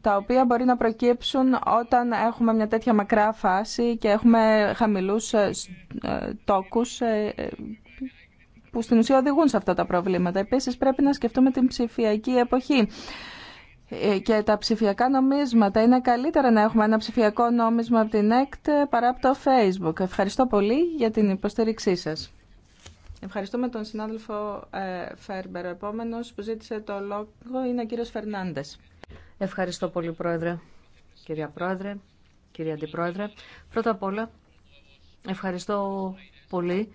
τα οποία μπορεί να προκύψουν όταν έχουμε μια τέτοια μακρά φάση και έχουμε χαμηλούς ε, ε, τόκους που στην ουσία οδηγούν σε αυτά τα προβλήματα. Επίσης πρέπει να σκεφτούμε την ψηφιακή εποχή και τα ψηφιακά νομίσματα. Είναι καλύτερα να έχουμε ένα ψηφιακό νόμισμα από την ΕΚΤ παρά από το Facebook. Ευχαριστώ πολύ για την υποστήριξή σας. Ευχαριστούμε τον συνάδελφο ε, Φέρμπερ. Ο επόμενος που ζήτησε το λόγο είναι ο κύριο Φερνάντε. Ευχαριστώ πολύ, Πρόεδρε. Κυρία Πρόεδρε, κυρία Αντιπρόεδρε. Πρώτα απ' όλα, ευχαριστώ πολύ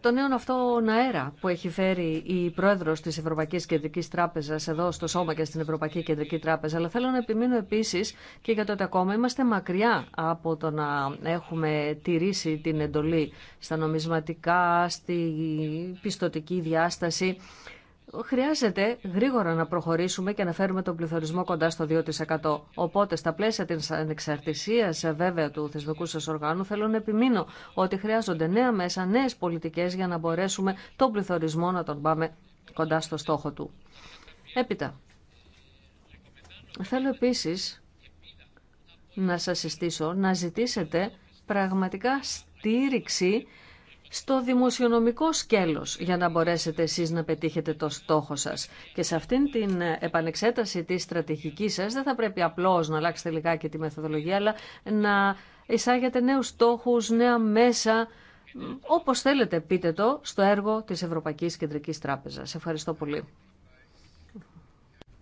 το νέο αυτό αέρα που έχει φέρει η πρόεδρο τη Ευρωπαϊκή Κεντρική Τράπεζα εδώ στο Σώμα και στην Ευρωπαϊκή Κεντρική Τράπεζα. Αλλά θέλω να επιμείνω επίση και για το ότι ακόμα είμαστε μακριά από το να έχουμε τηρήσει την εντολή στα νομισματικά, στη πιστοτική διάσταση. Χρειάζεται γρήγορα να προχωρήσουμε και να φέρουμε τον πληθωρισμό κοντά στο 2%. Οπότε, στα πλαίσια τη ανεξαρτησία ε, βέβαια του θεσμικού σα οργάνου, θέλω να επιμείνω ότι χρειάζονται νέα μέσα, νέε πολιτικέ για να μπορέσουμε τον πληθωρισμό να τον πάμε κοντά στο στόχο του. Έπειτα, θέλω επίσης να σας συστήσω να ζητήσετε πραγματικά στήριξη στο δημοσιονομικό σκέλος για να μπορέσετε εσείς να πετύχετε το στόχο σας. Και σε αυτήν την επανεξέταση της στρατηγικής σας δεν θα πρέπει απλώς να αλλάξετε λιγάκι τη μεθοδολογία, αλλά να εισάγετε νέους στόχους, νέα μέσα, όπως θέλετε πείτε το, στο έργο της Ευρωπαϊκής Κεντρικής Τράπεζας. Ευχαριστώ πολύ.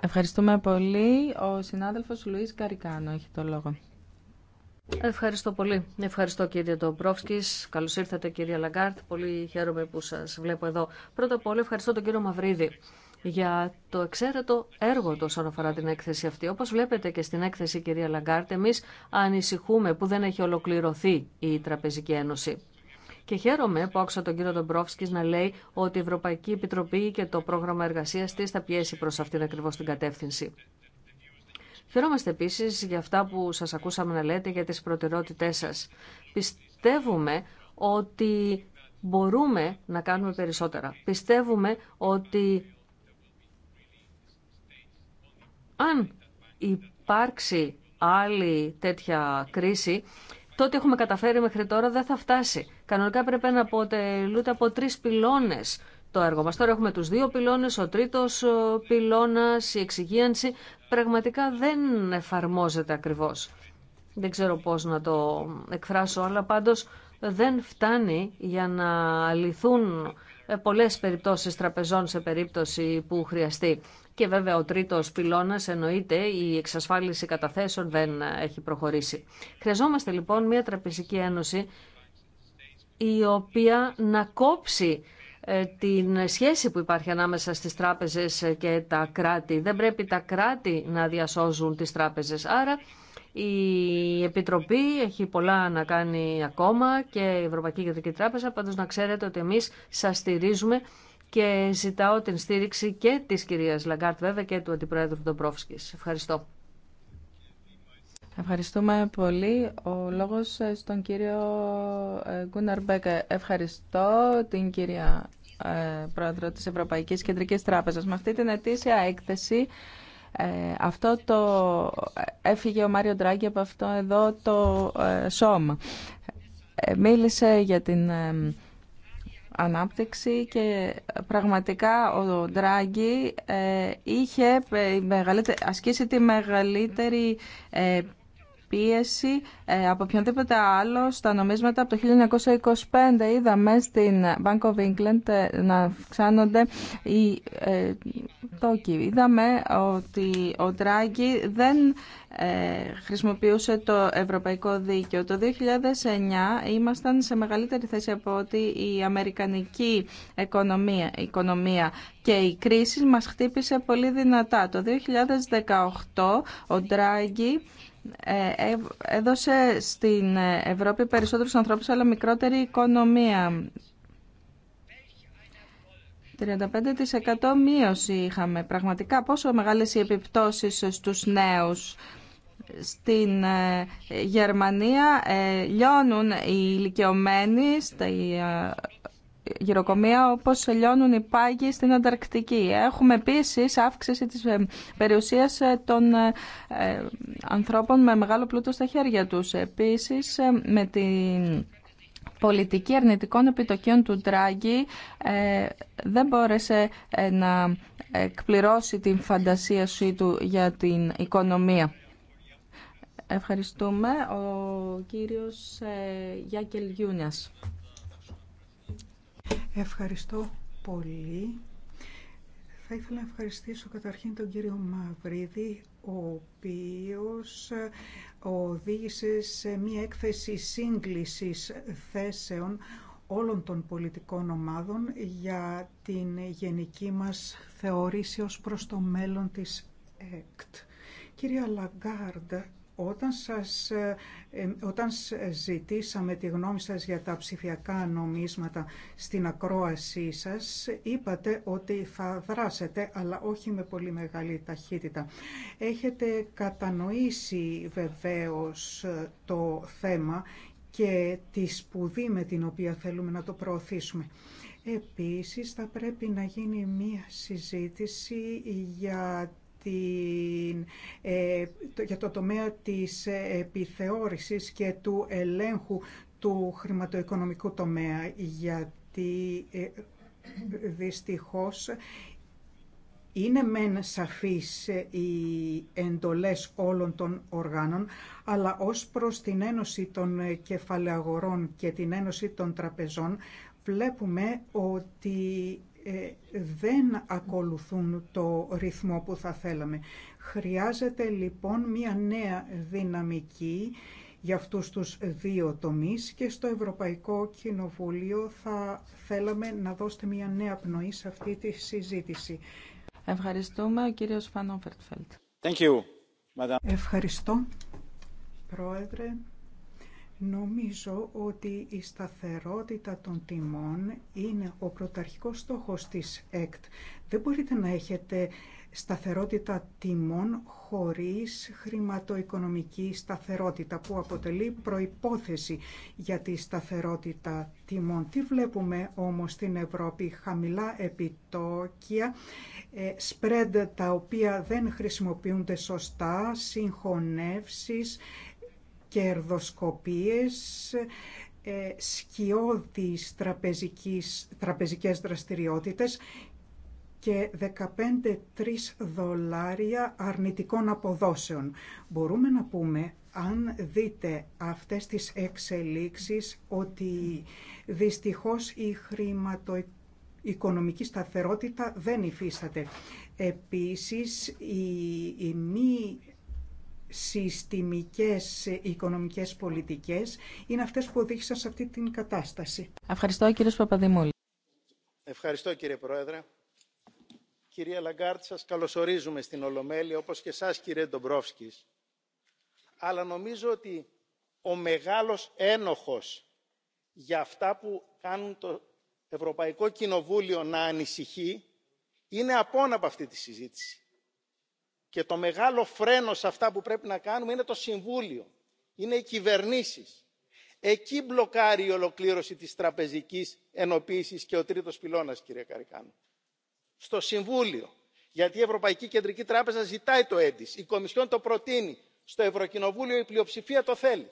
Ευχαριστούμε πολύ. Ο συνάδελφος Λουίς Καρικάνο έχει το λόγο. Ευχαριστώ πολύ. Ευχαριστώ κύριε Ντομπρόφσκη. Καλώ ήρθατε κύριε Λαγκάρτ. Πολύ χαίρομαι που σα βλέπω εδώ. Πρώτα απ' όλα ευχαριστώ τον κύριο Μαυρίδη για το εξαίρετο έργο του όσον αφορά την έκθεση αυτή. Όπως βλέπετε και στην έκθεση κυρία Λαγκάρτ, εμείς ανησυχούμε που δεν έχει ολοκληρωθεί η Τραπεζική Ένωση. Και χαίρομαι που άκουσα τον κύριο Ντομπρόφσκης να λέει ότι η Ευρωπαϊκή Επιτροπή και το πρόγραμμα εργασία τη θα πιέσει προς αυτήν ακριβώς την κατεύθυνση. Χαιρόμαστε επίση για αυτά που σας ακούσαμε να λέτε για τις προτεραιότητές σας. Πιστεύουμε ότι μπορούμε να κάνουμε περισσότερα. Πιστεύουμε ότι αν υπάρξει άλλη τέτοια κρίση, τότε έχουμε καταφέρει μέχρι τώρα δεν θα φτάσει. Κανονικά πρέπει να αποτελούνται από τρεις πυλώνες το έργο μας. Τώρα έχουμε τους δύο πυλώνες, ο τρίτος πυλώνας, η εξυγίανση πραγματικά δεν εφαρμόζεται ακριβώς. Δεν ξέρω πώς να το εκφράσω, αλλά πάντως δεν φτάνει για να λυθούν ε, πολλές περιπτώσεις τραπεζών σε περίπτωση που χρειαστεί. Και βέβαια ο τρίτος πυλώνας εννοείται η εξασφάλιση καταθέσεων δεν έχει προχωρήσει. Χρειαζόμαστε λοιπόν μια τραπεζική ένωση η οποία να κόψει ε, την σχέση που υπάρχει ανάμεσα στις τράπεζες και τα κράτη. Δεν πρέπει τα κράτη να διασώζουν τις τράπεζες. Άρα η Επιτροπή έχει πολλά να κάνει ακόμα και η Ευρωπαϊκή Κεντρική Τράπεζα. Πάντως να ξέρετε ότι εμείς σας στηρίζουμε και ζητάω την στήριξη και της κυρίας Λαγκάρτ βέβαια και του Αντιπρόεδρου Ντομπρόφσκης. Ευχαριστώ. Ευχαριστούμε πολύ. Ο λόγος στον κύριο ε, Γκούναρ Μπέκε. Ευχαριστώ την κυρία ε, πρόεδρο της Ευρωπαϊκής Κεντρικής Τράπεζας. Με αυτή την ετήσια έκθεση ε, αυτό το ε, έφυγε ο Μάριο Ντράγκη από αυτό εδώ το σώμα. Μίλησε για την ανάπτυξη και πραγματικά ο Ντράγκη είχε ασκήσει τη μεγαλύτερη πίεση ε, από οποιονδήποτε άλλο στα νομίσματα από το 1925. Είδαμε στην Bank of England ε, να αυξάνονται οι ε, τόκοι. Είδαμε ότι ο Τράγκη δεν χρησιμοποιούσε το ευρωπαϊκό δίκαιο. Το 2009 ήμασταν σε μεγαλύτερη θέση από ότι η αμερικανική οικονομία, οικονομία και η κρίση μας χτύπησε πολύ δυνατά. Το 2018 ο Ντράγκη ε, ε, έδωσε στην Ευρώπη περισσότερους ανθρώπους αλλά μικρότερη οικονομία. 35% μείωση είχαμε. Πραγματικά πόσο μεγάλες οι επιπτώσεις στους νέους. Στην ε, Γερμανία λιώνουν οι ηλικιωμένοι γυροκομεία όπως λιώνουν οι πάγοι στην Ανταρκτική. Έχουμε επίσης αύξηση της ε, περιουσίας ε, των ε, ανθρώπων με μεγάλο πλούτο στα χέρια τους. Επίσης με την πολιτική αρνητικών επιτοκίων του Τράγκη δεν μπόρεσε να εκπληρώσει την φαντασία σου του για την οικονομία. Ευχαριστούμε. Ο κύριος Γιάκελ Γιούνιας. Ευχαριστώ πολύ. Θα ήθελα να ευχαριστήσω καταρχήν τον κύριο Μαυρίδη, ο οποίος ε, οδήγησε σε μία έκθεση σύγκλησης θέσεων όλων των πολιτικών ομάδων για την γενική μας θεώρηση ως προς το μέλλον της ΕΚΤ. Κύριε Λαγκάρντα, όταν, σας, ε, όταν ε, ζητήσαμε τη γνώμη σας για τα ψηφιακά νομίσματα στην ακρόασή σας, είπατε ότι θα δράσετε, αλλά όχι με πολύ μεγάλη ταχύτητα. Έχετε κατανοήσει βεβαίως ε, το θέμα και τη σπουδή με την οποία θέλουμε να το προωθήσουμε. Επίσης, θα πρέπει να γίνει μία συζήτηση για την, ε, για το τομέα της ε, επιθεώρησης και του ελέγχου του χρηματοοικονομικού τομέα, γιατί ε, δυστυχώς είναι μεν σαφείς οι εντολές όλων των οργάνων, αλλά ως προς την Ένωση των Κεφαλαιαγορών και την Ένωση των Τραπεζών βλέπουμε ότι ε, δεν ακολουθούν το ρυθμό που θα θέλαμε. Χρειάζεται λοιπόν μια νέα δυναμική για αυτούς τους δύο τομείς και στο Ευρωπαϊκό Κοινοβούλιο θα θέλαμε να δώσετε μια νέα πνοή σε αυτή τη συζήτηση. Ευχαριστούμε ο κύριος Φανόφερτφελτ. Ευχαριστώ, Πρόεδρε. Νομίζω ότι η σταθερότητα των τιμών είναι ο πρωταρχικός στόχος της ΕΚΤ. Δεν μπορείτε να έχετε σταθερότητα τιμών χωρίς χρηματοοικονομική σταθερότητα που αποτελεί προϋπόθεση για τη σταθερότητα τιμών. Τι βλέπουμε όμως στην Ευρώπη, χαμηλά επιτόκια, σπρέντ ε, τα οποία δεν χρησιμοποιούνται σωστά, συγχωνεύσεις, κερδοσκοπίες, ε, σκιώδεις τραπεζικής, τραπεζικές δραστηριότητες και 15-3 δολάρια αρνητικών αποδόσεων. Μπορούμε να πούμε, αν δείτε αυτές τις εξελίξεις, ότι δυστυχώς η χρηματοοικονομική σταθερότητα δεν υφίσταται. Επίσης, η, η μη συστημικές οικονομικές πολιτικές είναι αυτές που οδήγησαν σε αυτή την κατάσταση. Ευχαριστώ κύριε Παπαδημούλη. Ευχαριστώ κύριε Πρόεδρε. Κυρία Λαγκάρτ, σας καλωσορίζουμε στην Ολομέλη, όπως και σας κύριε Ντομπρόφσκης. Αλλά νομίζω ότι ο μεγάλος ένοχος για αυτά που κάνουν το Ευρωπαϊκό Κοινοβούλιο να ανησυχεί είναι απόν από αυτή τη συζήτηση και το μεγάλο φρένο σε αυτά που πρέπει να κάνουμε είναι το συμβούλιο είναι οι κυβερνήσει. εκεί μπλοκάρει η ολοκλήρωση της τραπεζικής ενοποίησης και ο τρίτος πυλώνας κύριε καρικάνο. στο συμβούλιο γιατί η ευρωπαϊκή κεντρική τράπεζα ζητάει το έντι. η κομισιόν το προτείνει στο ευρωκοινοβούλιο η πλειοψηφία το θέλει.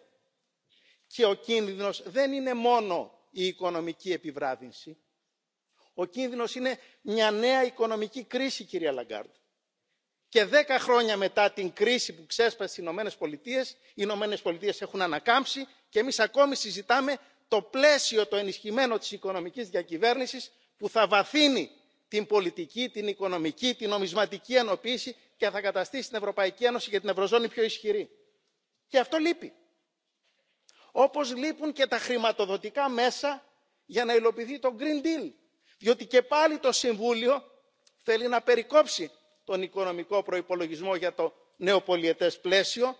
και ο κίνδυνο δεν είναι μόνο η οικονομική επιβράδυνση ο κίνδυνο είναι μια νέα οικονομική κρίση κυρία λαγκάρντ και δέκα χρόνια μετά την κρίση που ξέσπασε στις ηνωμένες πολιτείες οι ηνωμένες πολιτείες έχουν ανακάμψει και εμείς ακόμη συζητάμε το πλαίσιο το ενισχυμένο της οικονομικής διακυβέρνησης που θα βαθύνει την πολιτική την οικονομική την νομισματική ενοποίηση και θα καταστήσει την ευρωπαϊκή ένωση και την ευρωζώνη πιο ισχυρή. και αυτό λείπει. όπως λείπουν και τα χρηματοδοτικά μέσα για να υλοποιηθεί το green deal διότι και πάλι το συμβούλιο θέλει να περικόψει τον οικονομικό προϋπολογισμό για το νέο πολιετές πλαίσιο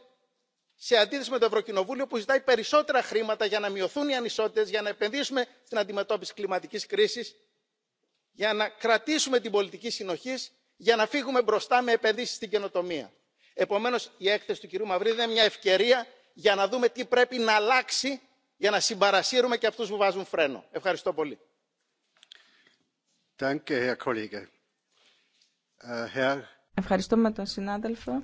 σε αντίθεση με το ευρωκοινοβούλιο που ζητάει περισσότερα χρήματα για να μειωθούν οι ανισότητες για να επενδύσουμε στην αντιμετώπιση κλιματικής κρίσης για να κρατήσουμε την πολιτική συνοχή για να φύγουμε μπροστά με επενδύσεις στην καινοτομία. επομένως η έκθεση του κ. μαυρίδη είναι μια ευκαιρία για να δούμε τι πρέπει να αλλάξει για να συμπαρασύρουμε και αυτούς που βάζουν φρένο. ευχαριστώ πολύ. Ευχαριστούμε τον συνάδελφο,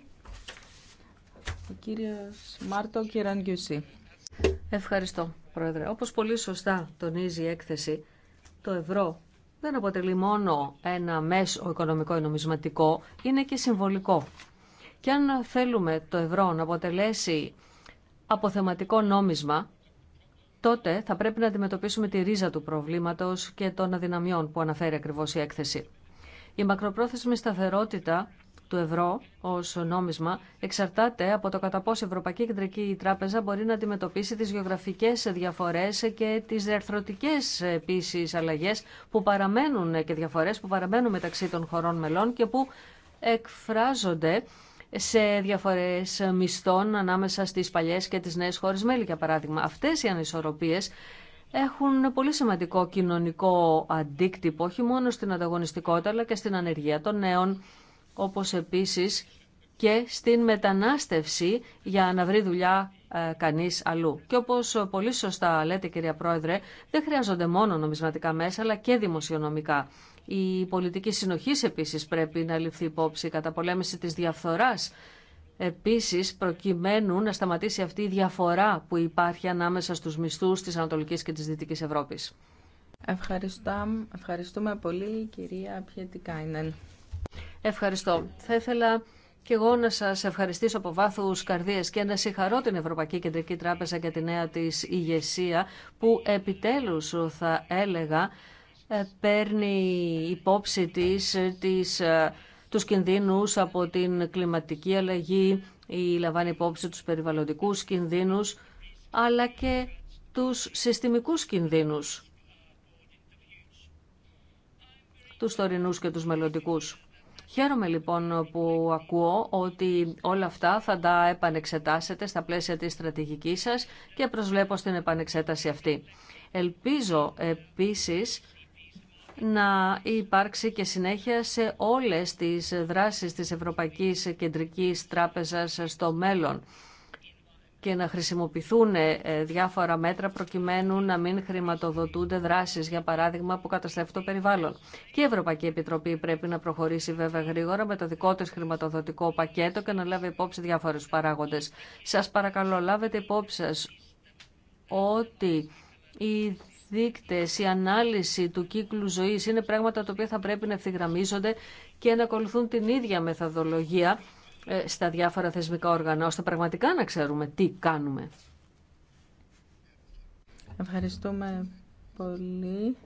ο κύριος Μάρτο Κυρανγκιουσί. Ευχαριστώ, Πρόεδρε. Όπως πολύ σωστά τονίζει η έκθεση, το ευρώ δεν αποτελεί μόνο ένα μέσο οικονομικό ή νομισματικό, είναι και συμβολικό. Και αν θέλουμε το ευρώ να αποτελέσει αποθεματικό νόμισμα, τότε θα πρέπει να αντιμετωπίσουμε τη ρίζα του προβλήματος και των αδυναμιών που αναφέρει ακριβώς η έκθεση. Η μακροπρόθεσμη σταθερότητα του ευρώ ω νόμισμα εξαρτάται από το κατά πόσο η Ευρωπαϊκή Κεντρική Τράπεζα μπορεί να αντιμετωπίσει τι γεωγραφικέ διαφορέ και τι διαρθρωτικέ επίση αλλαγέ που παραμένουν και διαφορέ που παραμένουν μεταξύ των χωρών μελών και που εκφράζονται σε διαφορές μισθών ανάμεσα στις παλιές και τις νέες χώρες μέλη, για παράδειγμα. Αυτές οι ανισορροπίες έχουν πολύ σημαντικό κοινωνικό αντίκτυπο, όχι μόνο στην ανταγωνιστικότητα, αλλά και στην ανεργία των νέων, όπως επίσης και στην μετανάστευση για να βρει δουλειά ε, κανείς αλλού. Και όπως πολύ σωστά λέτε κυρία Πρόεδρε, δεν χρειάζονται μόνο νομισματικά μέσα, αλλά και δημοσιονομικά. Η πολιτική συνοχής επίσης πρέπει να ληφθεί υπόψη, κατά πολέμηση της διαφθοράς Επίσης, προκειμένου να σταματήσει αυτή η διαφορά που υπάρχει ανάμεσα στους μισθούς της Ανατολικής και της Δυτικής Ευρώπης. Ευχαριστώ. Ευχαριστούμε πολύ, κυρία Πιετικάινεν. Ευχαριστώ. Θα ήθελα και εγώ να σας ευχαριστήσω από βάθους καρδίες και να συγχαρώ την Ευρωπαϊκή Κεντρική Τράπεζα για τη νέα της ηγεσία που επιτέλους θα έλεγα ε, παίρνει υπόψη της ε, ε, τους κινδύνους από την κλιματική αλλαγή ή λαμβάνει υπόψη τους περιβαλλοντικούς κινδύνους αλλά και τους συστημικούς κινδύνους τους τωρινούς και τους μελλοντικούς. Χαίρομαι λοιπόν που ακούω ότι όλα αυτά θα τα επανεξετάσετε στα πλαίσια της στρατηγικής σας και προσβλέπω στην επανεξέταση αυτή. Ελπίζω επίσης να υπάρξει και συνέχεια σε όλες τις δράσεις της Ευρωπαϊκής Κεντρικής Τράπεζας στο μέλλον και να χρησιμοποιηθούν ε, διάφορα μέτρα προκειμένου να μην χρηματοδοτούνται δράσεις, για παράδειγμα, που καταστρέφουν το περιβάλλον. Και η Ευρωπαϊκή Επιτροπή πρέπει να προχωρήσει βέβαια γρήγορα με το δικό της χρηματοδοτικό πακέτο και να λάβει υπόψη διάφορους παράγοντες. Σας παρακαλώ, λάβετε υπόψη σας ότι η δείκτες, η ανάλυση του κύκλου ζωής είναι πράγματα τα οποία θα πρέπει να ευθυγραμμίζονται και να ακολουθούν την ίδια μεθοδολογία ε, στα διάφορα θεσμικά όργανα, ώστε πραγματικά να ξέρουμε τι κάνουμε. Ευχαριστούμε πολύ.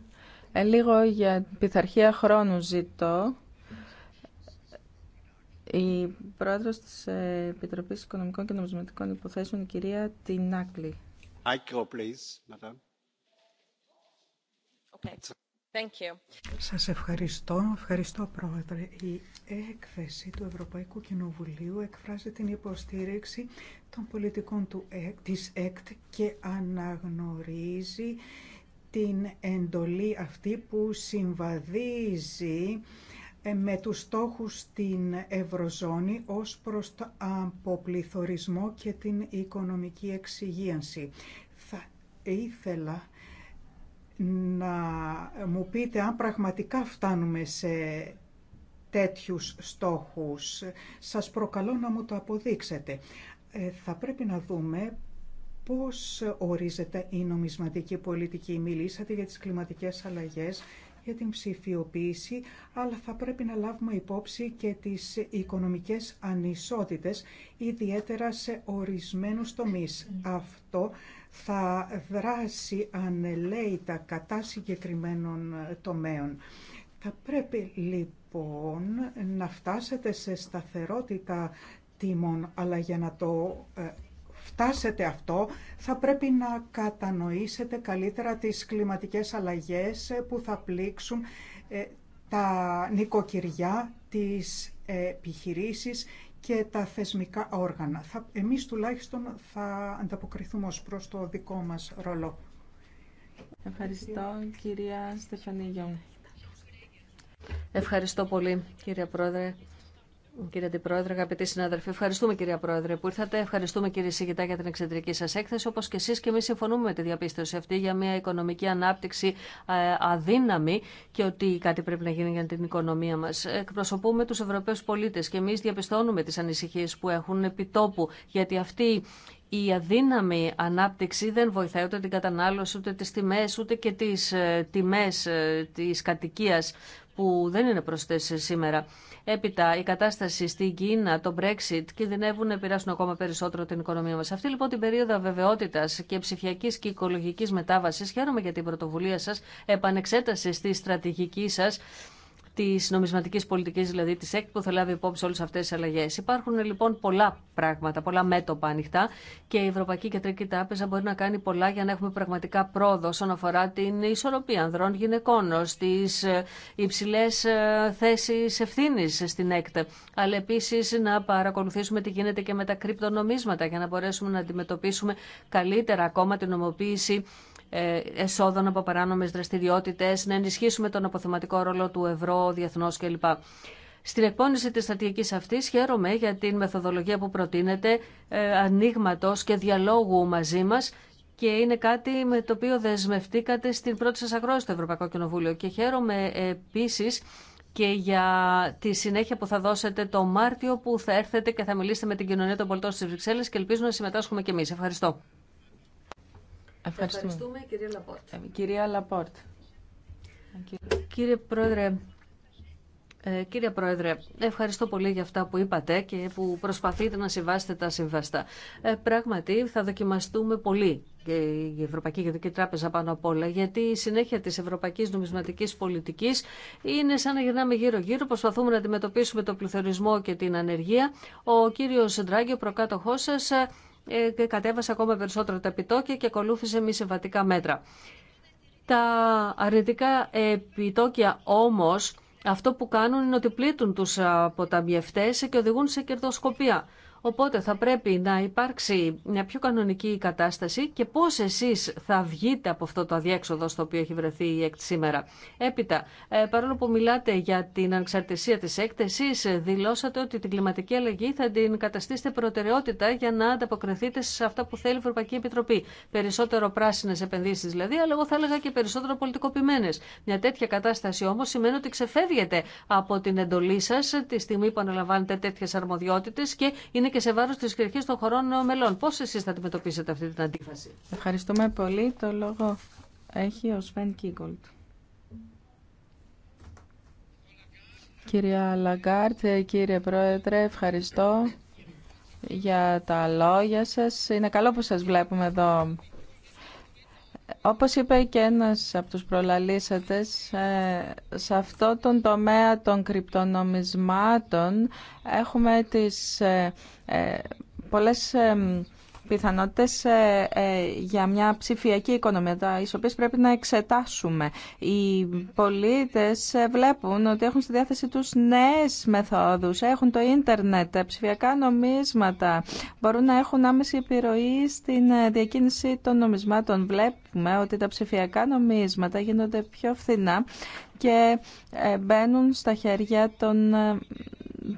Ε, λίγο για πειθαρχία χρόνου ζητώ. Η πρόεδρος της ε, Επιτροπής Οικονομικών και Νομισματικών Υποθέσεων, η κυρία Τινάκλη. Άκρο, please, madame. Σας ευχαριστώ. Ευχαριστώ, Πρόεδρε. Η έκθεση του Ευρωπαϊκού Κοινοβουλίου εκφράζει την υποστήριξη των πολιτικών του, της ΕΚΤ και αναγνωρίζει την εντολή αυτή που συμβαδίζει ε, με τους στόχους στην Ευρωζώνη ως προς το αποπληθωρισμό και την οικονομική εξυγίανση. Θα ήθελα να μου πείτε αν πραγματικά φτάνουμε σε τέτοιους στόχους. Σας προκαλώ να μου το αποδείξετε. Ε, θα πρέπει να δούμε πώς ορίζεται η νομισματική πολιτική. Μιλήσατε για τις κλιματικές αλλαγές, για την ψηφιοποίηση, αλλά θα πρέπει να λάβουμε υπόψη και τις οικονομικές ανισότητες, ιδιαίτερα σε ορισμένους τομείς. Αυτό θα δράσει ανελέητα κατά συγκεκριμένων τομέων. Θα πρέπει λοιπόν να φτάσετε σε σταθερότητα τιμών, αλλά για να το ε, φτάσετε αυτό θα πρέπει να κατανοήσετε καλύτερα τις κλιματικές αλλαγές που θα πλήξουν ε, τα νοικοκυριά, της ε, επιχειρήσεις και τα θεσμικά όργανα. Θα, εμείς τουλάχιστον θα ανταποκριθούμε ως προς το δικό μας ρόλο. Ευχαριστώ κυρία Στεφανίγιον. Ευχαριστώ πολύ κύριε Πρόεδρε. Κύριε Αντιπρόεδρε, αγαπητοί συνάδελφοι, ευχαριστούμε κυρία Πρόεδρε που ήρθατε. Ευχαριστούμε κύριε Σιγητά για την εξεντρική σα έκθεση. Όπω και εσεί και εμεί συμφωνούμε με τη διαπίστωση αυτή για μια οικονομική ανάπτυξη ε, αδύναμη και ότι κάτι πρέπει να γίνει για την οικονομία μα. Εκπροσωπούμε του Ευρωπαίου πολίτε και εμεί διαπιστώνουμε τι ανησυχίε που έχουν επιτόπου, γιατί αυτή η αδύναμη ανάπτυξη δεν βοηθάει ούτε την κατανάλωση, ούτε τις τιμές, ούτε και τις ε, τιμές ε, τη κατοικία που δεν είναι προσθέσει σήμερα. Έπειτα, η κατάσταση στην Κίνα, το Brexit, κινδυνεύουν να επηρεάσουν ακόμα περισσότερο την οικονομία μα. Αυτή λοιπόν την περίοδο αβεβαιότητα και ψηφιακή και οικολογική μετάβαση, χαίρομαι για την πρωτοβουλία σα, επανεξέταση στη στρατηγική σα τη νομισματική πολιτική, δηλαδή τη ΕΚΤ, που θα λάβει υπόψη όλε αυτέ τι αλλαγέ. Υπάρχουν λοιπόν πολλά πράγματα, πολλά μέτωπα ανοιχτά και η Ευρωπαϊκή Κεντρική Τράπεζα μπορεί να κάνει πολλά για να έχουμε πραγματικά πρόοδο όσον αφορά την ισορροπία ανδρών γυναικών, στι ε, υψηλέ ε, θέσει ευθύνη στην ΕΚΤ. Αλλά επίση να παρακολουθήσουμε τι γίνεται και με τα κρυπτονομίσματα για να μπορέσουμε να αντιμετωπίσουμε καλύτερα ακόμα την νομοποίηση ε, εσόδων από παράνομες δραστηριότητες, να ενισχύσουμε τον αποθεματικό ρόλο του ευρώ διεθνώς κλπ. Στην εκπόνηση της στρατηγικής αυτής χαίρομαι για την μεθοδολογία που προτείνεται ε, ανοίγματο και διαλόγου μαζί μας και είναι κάτι με το οποίο δεσμευτήκατε στην πρώτη σας ακρόαση στο Ευρωπαϊκό Κοινοβούλιο και χαίρομαι επίσης και για τη συνέχεια που θα δώσετε το Μάρτιο που θα έρθετε και θα μιλήσετε με την κοινωνία των πολιτών στις Βρυξέλλες και ελπίζω να συμμετάσχουμε και εμείς. Ευχαριστώ. Ευχαριστούμε. Ευχαριστούμε κυρία Λαπόρτ. Ε, κυρία Λαπόρτ. Κύριε Πρόεδρε, ε, κύριε Πρόεδρε, ευχαριστώ πολύ για αυτά που είπατε και που προσπαθείτε να συμβάσετε τα συμβαστά. Ε, πράγματι, θα δοκιμαστούμε πολύ και η Ευρωπαϊκή Κεντρική Τράπεζα πάνω απ' όλα, γιατί η συνέχεια τη Ευρωπαϊκή Νομισματική Πολιτική είναι σαν να γυρνάμε γύρω-γύρω, προσπαθούμε να αντιμετωπίσουμε τον πληθωρισμό και την ανεργία. Ο κύριο Ντράγκη, ο προκάτοχό σα, ε, ε, και κατέβασε ακόμα περισσότερο τα επιτόκια και ακολούθησε μη συμβατικά μέτρα. Τα αρνητικά επιτόκια όμως αυτό που κάνουν είναι ότι πλήττουν τους αποταμιευτές και οδηγούν σε κερδοσκοπία. Οπότε θα πρέπει να υπάρξει μια πιο κανονική κατάσταση και πώ εσεί θα βγείτε από αυτό το αδιέξοδο στο οποίο έχει βρεθεί η ΕΚΤ σήμερα. Έπειτα, ε, παρόλο που μιλάτε για την ανεξαρτησία τη ΕΚΤ, εσεί δηλώσατε ότι την κλιματική αλλαγή θα την καταστήσετε προτεραιότητα για να ανταποκριθείτε σε αυτά που θέλει η Ευρωπαϊκή Επιτροπή. Περισσότερο πράσινε επενδύσει, δηλαδή, αλλά εγώ θα έλεγα και περισσότερο πολιτικοποιημένε. Μια τέτοια κατάσταση όμω σημαίνει ότι ξεφεύγετε από την εντολή σα, τη στιγμή που αναλαμβάνετε τέτοιε αρμοδιότητε και είναι και σε βάρος τη κυριαρχία των χωρών μελών. Πώ εσεί θα αντιμετωπίσετε αυτή την αντίφαση. Ευχαριστούμε πολύ. Το λόγο έχει ο Σβέν Κίγκολτ. Κυρία Λαγκάρτ, κύριε Πρόεδρε, ευχαριστώ για τα λόγια σας. Είναι καλό που σας βλέπουμε εδώ όπως είπε και ένας από τους προλαλήσατες, ε, σε αυτό τον τομέα των κρυπτονομισμάτων έχουμε τις ε, ε, πολλές πιθανότητες ε, ε, για μια ψηφιακή οικονομία, τι οποίε πρέπει να εξετάσουμε. Οι πολίτες ε, βλέπουν ότι έχουν στη διάθεση τους νέες μεθόδους, έχουν το ίντερνετ, ψηφιακά νομίσματα, μπορούν να έχουν άμεση επιρροή στην διακίνηση των νομισμάτων. Βλέπουμε ότι τα ψηφιακά νομίσματα γίνονται πιο φθηνά και μπαίνουν στα χέρια των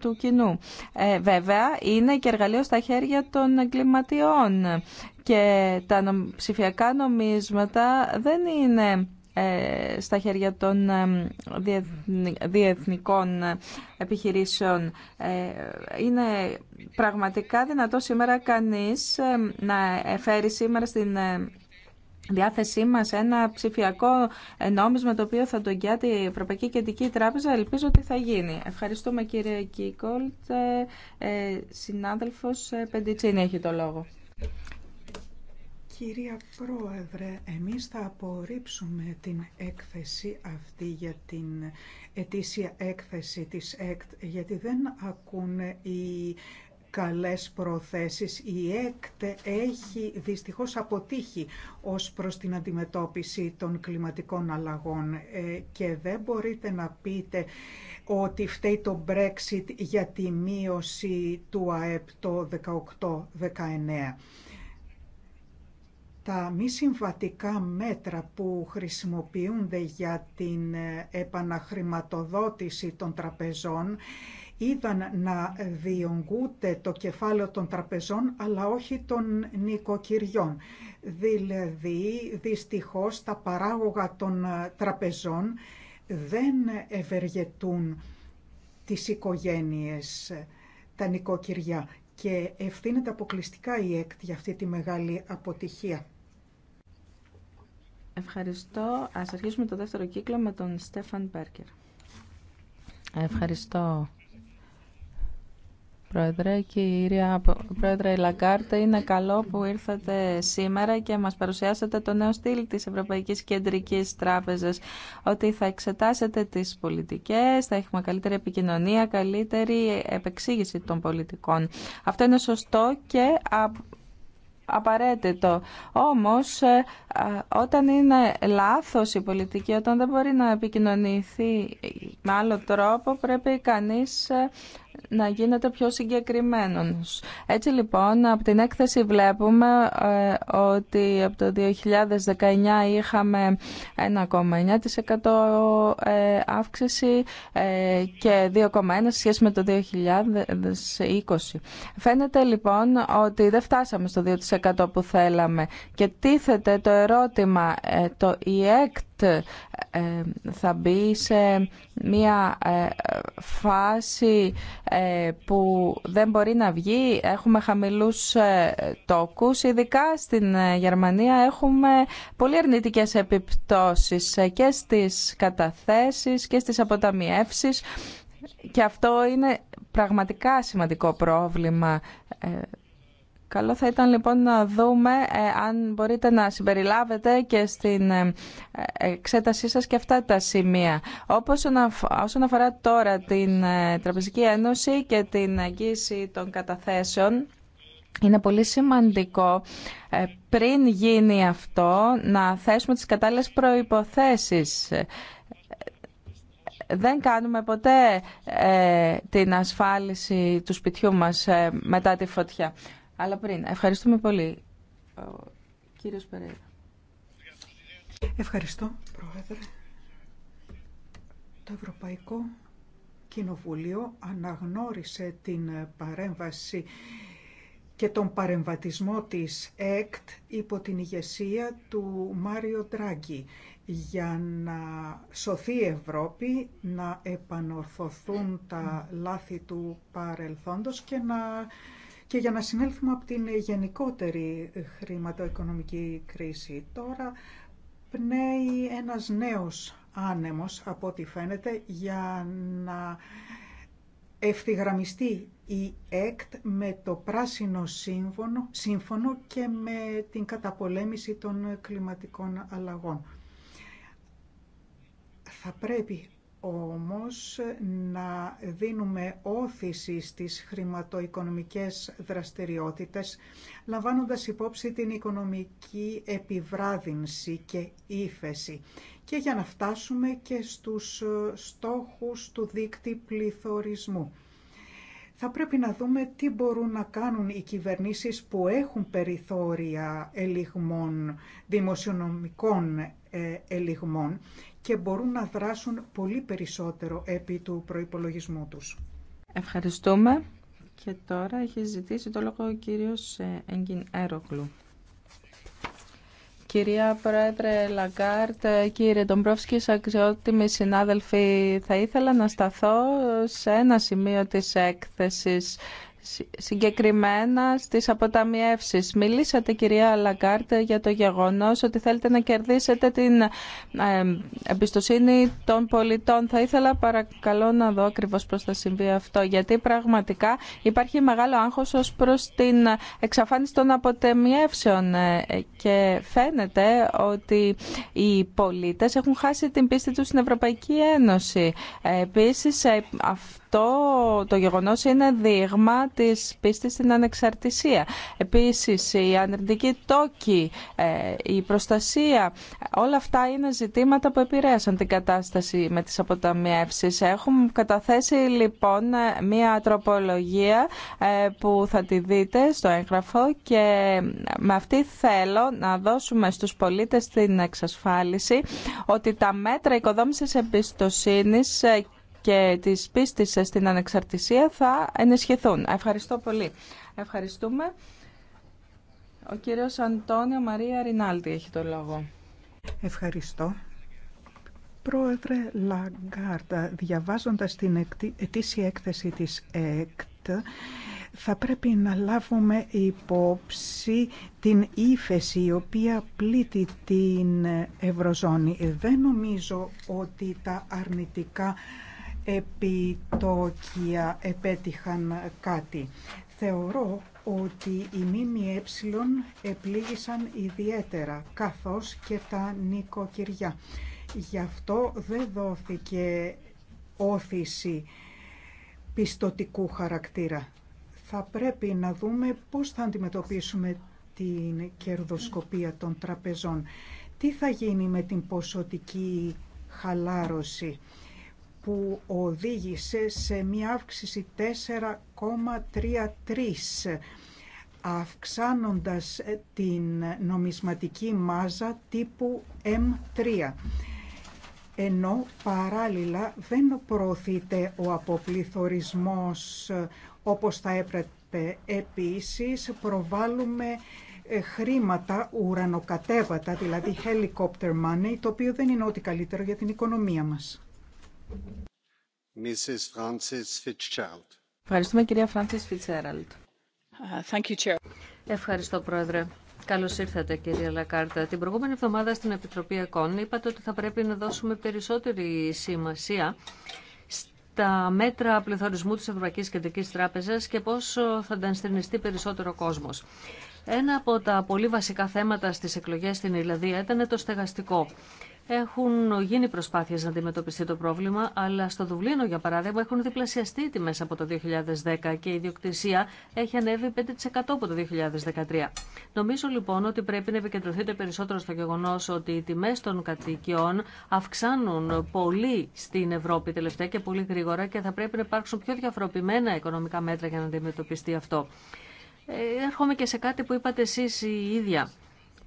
του κοινού. Ε, βέβαια, είναι και εργαλείο στα χέρια των εγκληματιών και τα ψηφιακά νομίσματα δεν είναι ε, στα χέρια των ε, διεθνικών επιχειρήσεων. Είναι πραγματικά δυνατό σήμερα κανείς να φέρει σήμερα στην διάθεσή μας ένα ψηφιακό νόμισμα το οποίο θα το εγγυάται η Ευρωπαϊκή Κεντρική Τράπεζα. Ελπίζω ότι θα γίνει. Ευχαριστούμε κύριε Κίκολτ. Ε, ε συνάδελφος ε, Πεντιτσίνη έχει το λόγο. Κυρία Πρόεδρε, εμείς θα απορρίψουμε την έκθεση αυτή για την ετήσια έκθεση της ΕΚΤ, γιατί δεν ακούνε οι καλές προθέσεις. Η ΕΚΤ έχει δυστυχώς αποτύχει ως προς την αντιμετώπιση των κλιματικών αλλαγών ε, και δεν μπορείτε να πείτε ότι φταίει το Brexit για τη μείωση του ΑΕΠ το 18-19 τα μη συμβατικά μέτρα που χρησιμοποιούνται για την επαναχρηματοδότηση των τραπεζών ήταν να διονγκούται το κεφάλαιο των τραπεζών αλλά όχι των νοικοκυριών. Δηλαδή, δυστυχώς, τα παράγωγα των ε, τραπεζών δεν ευεργετούν τις οικογένειες, ε, τα νοικοκυριά και ευθύνεται αποκλειστικά η ΕΚΤ για αυτή τη μεγάλη αποτυχία. Ευχαριστώ. Ας αρχίσουμε το δεύτερο κύκλο με τον Στέφαν Μπέρκερ. Ευχαριστώ. Πρόεδρε. Κυρία Πρόεδρε Λαγκάρτε, είναι καλό που ήρθατε σήμερα και μας παρουσιάσατε το νέο στυλ της Ευρωπαϊκής Κεντρικής Τράπεζας, ότι θα εξετάσετε τις πολιτικές, θα έχουμε καλύτερη επικοινωνία, καλύτερη επεξήγηση των πολιτικών. Αυτό είναι σωστό και απαραίτητο. Όμως, ε, όταν είναι λάθος η πολιτική, όταν δεν μπορεί να επικοινωνηθεί με άλλο τρόπο, πρέπει κανείς ε, να γίνεται πιο συγκεκριμένος. Έτσι λοιπόν, από την έκθεση βλέπουμε ε, ότι από το 2019 είχαμε 1,9% ε, αύξηση ε, και 2,1% σχέση με το 2020. Φαίνεται λοιπόν ότι δεν φτάσαμε στο 2% που θέλαμε και τίθεται το ερώτημα το ΙΕΚΤ ε, θα μπει σε μια ε, φάση ε, που δεν μπορεί να βγει. Έχουμε χαμηλούς τόκους, ειδικά στην Γερμανία έχουμε πολύ αρνητικές επιπτώσεις και στις καταθέσεις και στις αποταμιεύσεις και αυτό είναι πραγματικά σημαντικό πρόβλημα Καλό θα ήταν λοιπόν να δούμε ε, αν μπορείτε να συμπεριλάβετε και στην ε, εξέτασή σας και αυτά τα σημεία. Όπως όσον αφορά τώρα την ε, Τραπεζική Ένωση και την αγγίση των καταθέσεων, είναι πολύ σημαντικό πριν γίνει αυτό να θέσουμε τις κατάλληλες προϋποθέσεις. Δεν κάνουμε ποτέ την ασφάλιση του σπιτιού μας μετά τη φωτιά αλλά πριν. Ευχαριστούμε πολύ. Ο κύριος Περέιρα. Ευχαριστώ, Πρόεδρε. Το Ευρωπαϊκό Κοινοβούλιο αναγνώρισε την παρέμβαση και τον παρεμβατισμό της ΕΚΤ υπό την ηγεσία του Μάριο Τράγκη για να σωθεί η Ευρώπη, να επανορθωθούν τα λάθη του παρελθόντος και να και για να συνέλθουμε από την γενικότερη χρηματοοικονομική κρίση. Τώρα πνέει ένας νέος άνεμος, από ό,τι φαίνεται, για να ευθυγραμμιστεί η ΕΚΤ με το πράσινο σύμφωνο, σύμφωνο και με την καταπολέμηση των κλιματικών αλλαγών. Θα πρέπει όμως να δίνουμε όθηση στις χρηματοοικονομικές δραστηριότητες, λαμβάνοντας υπόψη την οικονομική επιβράδυνση και ύφεση και για να φτάσουμε και στους στόχους του δίκτυ πληθωρισμού. Θα πρέπει να δούμε τι μπορούν να κάνουν οι κυβερνήσεις που έχουν περιθώρια ελιγμών, δημοσιονομικών ε, ελιγμών και μπορούν να δράσουν πολύ περισσότερο επί του προϋπολογισμού τους. Ευχαριστούμε. Και τώρα έχει ζητήσει το λόγο ο κύριος ε, Έγκιν Έροκλου. Κυρία Πρόεδρε Λαγκάρτ, ε, κύριε Ντομπρόφσκη, αξιότιμοι συνάδελφοι, θα ήθελα να σταθώ σε ένα σημείο της έκθεσης συγκεκριμένα στις αποταμιεύσεις. Μιλήσατε κυρία Λαγκάρτ για το γεγονός ότι θέλετε να κερδίσετε την εμπιστοσύνη των πολιτών. Θα ήθελα παρακαλώ να δω ακριβώ πώς θα συμβεί αυτό γιατί πραγματικά υπάρχει μεγάλο άγχος ως προς την εξαφάνιση των αποταμιεύσεων ε, και φαίνεται ότι οι πολίτες έχουν χάσει την πίστη τους στην Ευρωπαϊκή Ένωση. Ε, επίσης ε, το γεγονός είναι δείγμα της πίστης στην ανεξαρτησία. Επίσης, η ανερντική τόκη, ε, η προστασία, όλα αυτά είναι ζητήματα που επηρέασαν την κατάσταση με τις αποταμιεύσεις. Έχουμε καταθέσει λοιπόν μια τροπολογία ε, που θα τη δείτε στο έγγραφο και με αυτή θέλω να δώσουμε στους πολίτες την εξασφάλιση ότι τα μέτρα οικοδόμησης εμπιστοσύνης ε, και της πίστης στην ανεξαρτησία θα ενισχυθούν. Ευχαριστώ πολύ. Ευχαριστούμε. Ο κύριος Αντώνιο Μαρία Ρινάλτη έχει το λόγο. Ευχαριστώ. Πρόεδρε Λαγκάρτα, διαβάζοντας την ετήσια έκθεση της ΕΚΤ, θα πρέπει να λάβουμε υπόψη την ύφεση η οποία πλήττει την Ευρωζώνη. Δεν νομίζω ότι τα αρνητικά επιτόκια επέτυχαν κάτι. Θεωρώ ότι οι ΜΜΕ επλήγησαν ιδιαίτερα, καθώς και τα νοικοκυριά. Γι' αυτό δεν δόθηκε όθηση πιστοτικού χαρακτήρα. Θα πρέπει να δούμε πώς θα αντιμετωπίσουμε την κερδοσκοπία των τραπεζών. Τι θα γίνει με την ποσοτική χαλάρωση που οδήγησε σε μία αύξηση 4,33 αυξάνοντας ε, την νομισματική μάζα τύπου M3 ενώ παράλληλα δεν προωθείται ο αποπληθωρισμός ε, όπως θα έπρεπε. Επίσης προβάλλουμε ε, χρήματα ουρανοκατέβατα, δηλαδή helicopter money, το οποίο δεν είναι ό,τι καλύτερο για την οικονομία μας. Ευχαριστούμε κυρία Φράνσις Φιτσέραλτ. Uh, Ευχαριστώ πρόεδρε. Καλώ ήρθατε, κύριε Λακάρτα. Την προηγούμενη εβδομάδα στην Επιτροπή ΕΚΟΝ είπατε ότι θα πρέπει να δώσουμε περισσότερη σημασία στα μέτρα πληθωρισμού της Ευρωπαϊκής Κεντρικής Τράπεζας και πώς θα τα περισσότερο ο κόσμος. Ένα από τα πολύ βασικά θέματα στις εκλογές στην Ιρλανδία ήταν το στεγαστικό έχουν γίνει προσπάθειες να αντιμετωπιστεί το πρόβλημα, αλλά στο Δουβλίνο, για παράδειγμα, έχουν διπλασιαστεί οι τιμές από το 2010 και η ιδιοκτησία έχει ανέβει 5% από το 2013. Νομίζω λοιπόν ότι πρέπει να επικεντρωθείτε περισσότερο στο γεγονό ότι οι τιμέ των κατοικιών αυξάνουν πολύ στην Ευρώπη τελευταία και πολύ γρήγορα και θα πρέπει να υπάρξουν πιο διαφοροποιημένα οικονομικά μέτρα για να αντιμετωπιστεί αυτό. Ε, έρχομαι και σε κάτι που είπατε εσείς η ίδια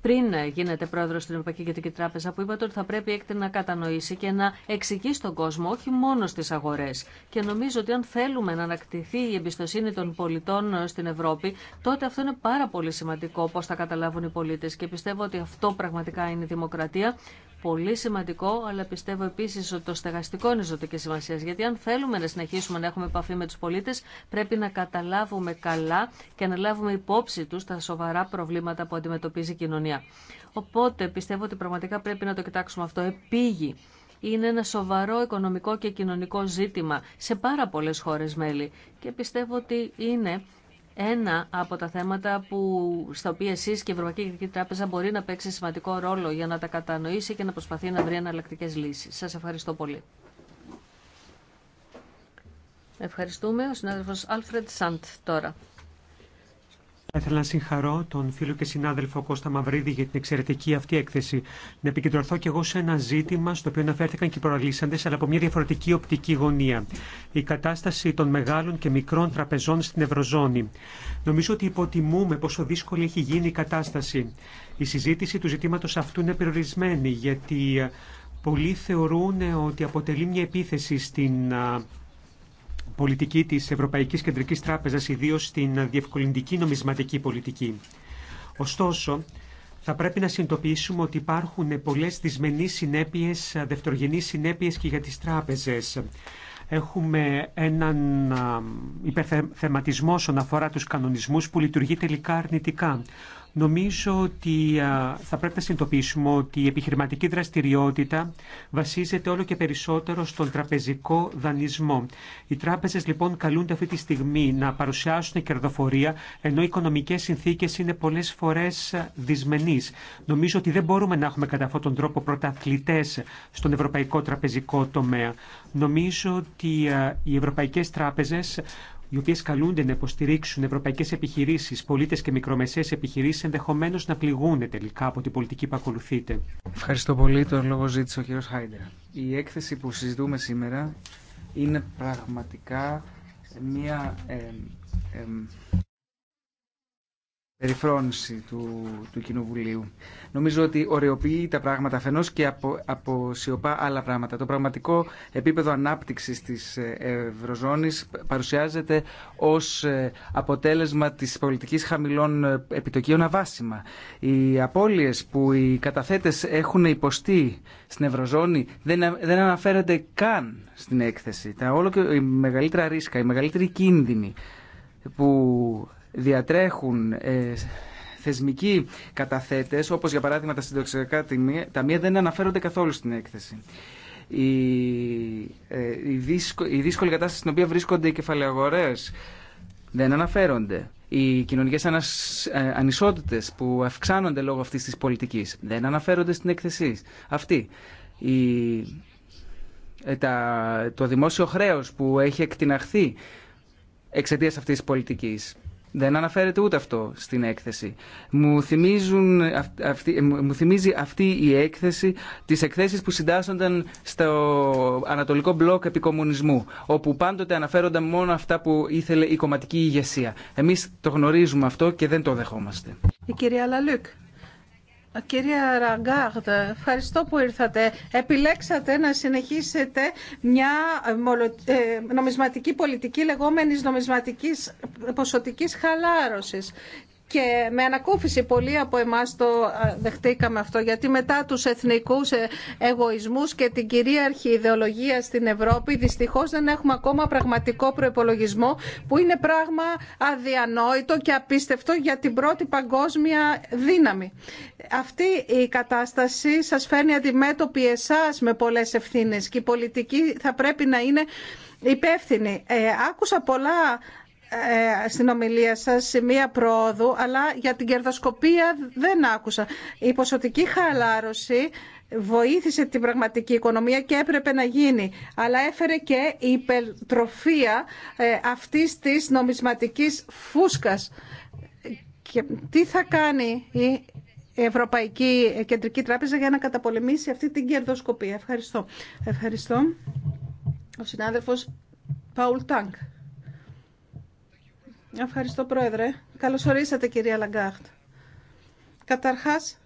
πριν γίνεται πρόεδρο στην Ευρωπαϊκή Κεντρική Τράπεζα, που είπατε ότι θα πρέπει έκτη να κατανοήσει και να εξηγεί στον κόσμο, όχι μόνο στις αγορές. Και νομίζω ότι αν θέλουμε να ανακτηθεί η εμπιστοσύνη των πολιτών στην Ευρώπη, τότε αυτό είναι πάρα πολύ σημαντικό πώ θα καταλάβουν οι πολίτε Και πιστεύω ότι αυτό πραγματικά είναι η δημοκρατία πολύ σημαντικό, αλλά πιστεύω επίση ότι το στεγαστικό είναι ζωτική σημασία. Γιατί αν θέλουμε να συνεχίσουμε να έχουμε επαφή με του πολίτε, πρέπει να καταλάβουμε καλά και να λάβουμε υπόψη του τα σοβαρά προβλήματα που αντιμετωπίζει η κοινωνία. Οπότε πιστεύω ότι πραγματικά πρέπει να το κοιτάξουμε αυτό. Επίγει. Είναι ένα σοβαρό οικονομικό και κοινωνικό ζήτημα σε πάρα πολλέ χώρε μέλη. Και πιστεύω ότι είναι ένα από τα θέματα που, στα οποία εσεί και η Ευρωπαϊκή Κεντρική Τράπεζα μπορεί να παίξει σημαντικό ρόλο για να τα κατανοήσει και να προσπαθεί να βρει εναλλακτικέ λύσει. Σα ευχαριστώ πολύ. Ευχαριστούμε. Ο συνάδελφος Άλφρεντ Σαντ τώρα. Θα ήθελα να συγχαρώ τον φίλο και συνάδελφο Κώστα Μαυρίδη για την εξαιρετική αυτή έκθεση. Να επικεντρωθώ και εγώ σε ένα ζήτημα στο οποίο αναφέρθηκαν και οι προαλήσαντε, αλλά από μια διαφορετική οπτική γωνία. Η κατάσταση των μεγάλων και μικρών τραπεζών στην Ευρωζώνη. Νομίζω ότι υποτιμούμε πόσο δύσκολη έχει γίνει η κατάσταση. Η συζήτηση του ζητήματο αυτού είναι περιορισμένη, γιατί ε, πολλοί θεωρούν ότι αποτελεί μια επίθεση στην ε, πολιτική τη Ευρωπαϊκή Κεντρική Τράπεζα ιδίω στην διευκολυντική νομισματική πολιτική. Ωστόσο, θα πρέπει να συνειδητοποιήσουμε ότι υπάρχουν πολλέ δυσμενεί συνέπειε, δευτερογενεί συνέπειε και για τι τράπεζε. Έχουμε έναν υπερθεματισμό όσον αφορά τους κανονισμούς που λειτουργεί τελικά αρνητικά. Νομίζω ότι θα πρέπει να συνειδητοποιήσουμε ότι η επιχειρηματική δραστηριότητα βασίζεται όλο και περισσότερο στον τραπεζικό δανεισμό. Οι τράπεζες λοιπόν καλούνται αυτή τη στιγμή να παρουσιάσουν κερδοφορία, ενώ οι οικονομικές συνθήκες είναι πολλές φορές δυσμενείς. Νομίζω ότι δεν μπορούμε να έχουμε κατά αυτόν τον τρόπο πρωταθλητέ στον ευρωπαϊκό τραπεζικό τομέα. Νομίζω ότι οι Ευρωπαϊκέ Τράπεζε οι οποίε καλούνται να υποστηρίξουν ευρωπαϊκέ επιχειρήσει, πολίτε και μικρομεσαίε επιχειρήσει, ενδεχομένω να πληγούν τελικά από την πολιτική που ακολουθείτε. Ευχαριστώ πολύ. Τον λόγο ζήτησε ο κ. Χάιντερ. Η έκθεση που συζητούμε σήμερα είναι πραγματικά μια. Ε, ε, περιφρόνηση του, του Κοινοβουλίου. Νομίζω ότι ωρεοποιεί τα πράγματα αφενό και απο, αποσιωπά άλλα πράγματα. Το πραγματικό επίπεδο ανάπτυξη τη ε, Ευρωζώνη παρουσιάζεται ω ε, αποτέλεσμα τη πολιτική χαμηλών ε, επιτοκίων αβάσιμα. Οι απώλειε που οι καταθέτε έχουν υποστεί στην Ευρωζώνη δεν, δεν αναφέρονται καν στην έκθεση. Τα όλο και η μεγαλύτερα ρίσκα, η μεγαλύτεροι κίνδυνοι που διατρέχουν ε, θεσμικοί καταθέτες, όπως για παράδειγμα τα συντοξιακά ταμεία, δεν αναφέρονται καθόλου στην έκθεση. Η, ε, η, δύσκολη, η κατάσταση στην οποία βρίσκονται οι κεφαλαιαγορές δεν αναφέρονται. Οι κοινωνικές ε, ανισότητε που αυξάνονται λόγω αυτής τη πολιτική δεν αναφέρονται στην έκθεση αυτή. Η, το δημόσιο χρέος που έχει εκτιναχθεί εξαιτίας αυτής της πολιτικής δεν αναφέρεται ούτε αυτό στην έκθεση. Μου, θυμίζουν, μου θυμίζει αυτή η έκθεση τις εκθέσεις που συντάσσονταν στο Ανατολικό Μπλοκ Επικομουνισμού, όπου πάντοτε αναφέρονταν μόνο αυτά που ήθελε η κομματική ηγεσία. Εμείς το γνωρίζουμε αυτό και δεν το δεχόμαστε. Η κυρία Λαλούκ. Κυρία Ραγκάρντ, ευχαριστώ που ήρθατε. Επιλέξατε να συνεχίσετε μια ε, νομισματική πολιτική λεγόμενης νομισματικής ποσοτικής χαλάρωσης και με ανακούφιση πολλοί από εμάς το δεχτήκαμε αυτό γιατί μετά τους εθνικούς ε, εγωισμούς και την κυρίαρχη ιδεολογία στην Ευρώπη δυστυχώς δεν έχουμε ακόμα πραγματικό προπολογισμό που είναι πράγμα αδιανόητο και απίστευτο για την πρώτη παγκόσμια δύναμη. Αυτή η κατάσταση σας φέρνει αντιμέτωπη εσάς με πολλές ευθύνες και η πολιτική θα πρέπει να είναι υπεύθυνη. Ε, άκουσα πολλά ε, στην ομιλία σας σημεία προόδου, αλλά για την κερδοσκοπία δεν άκουσα. Η ποσοτική χαλάρωση βοήθησε την πραγματική οικονομία και έπρεπε να γίνει, αλλά έφερε και η υπερτροφία ε, αυτής της νομισματικής φούσκας. τι θα κάνει η Ευρωπαϊκή Κεντρική Τράπεζα για να καταπολεμήσει αυτή την κερδοσκοπία. Ευχαριστώ. Ευχαριστώ. Ο συνάδελφος Παουλ Τάνκ. Ευχαριστώ, Πρόεδρε. Καλώς ορίσατε, κυρία Λαγκάχτ. Καταρχάς,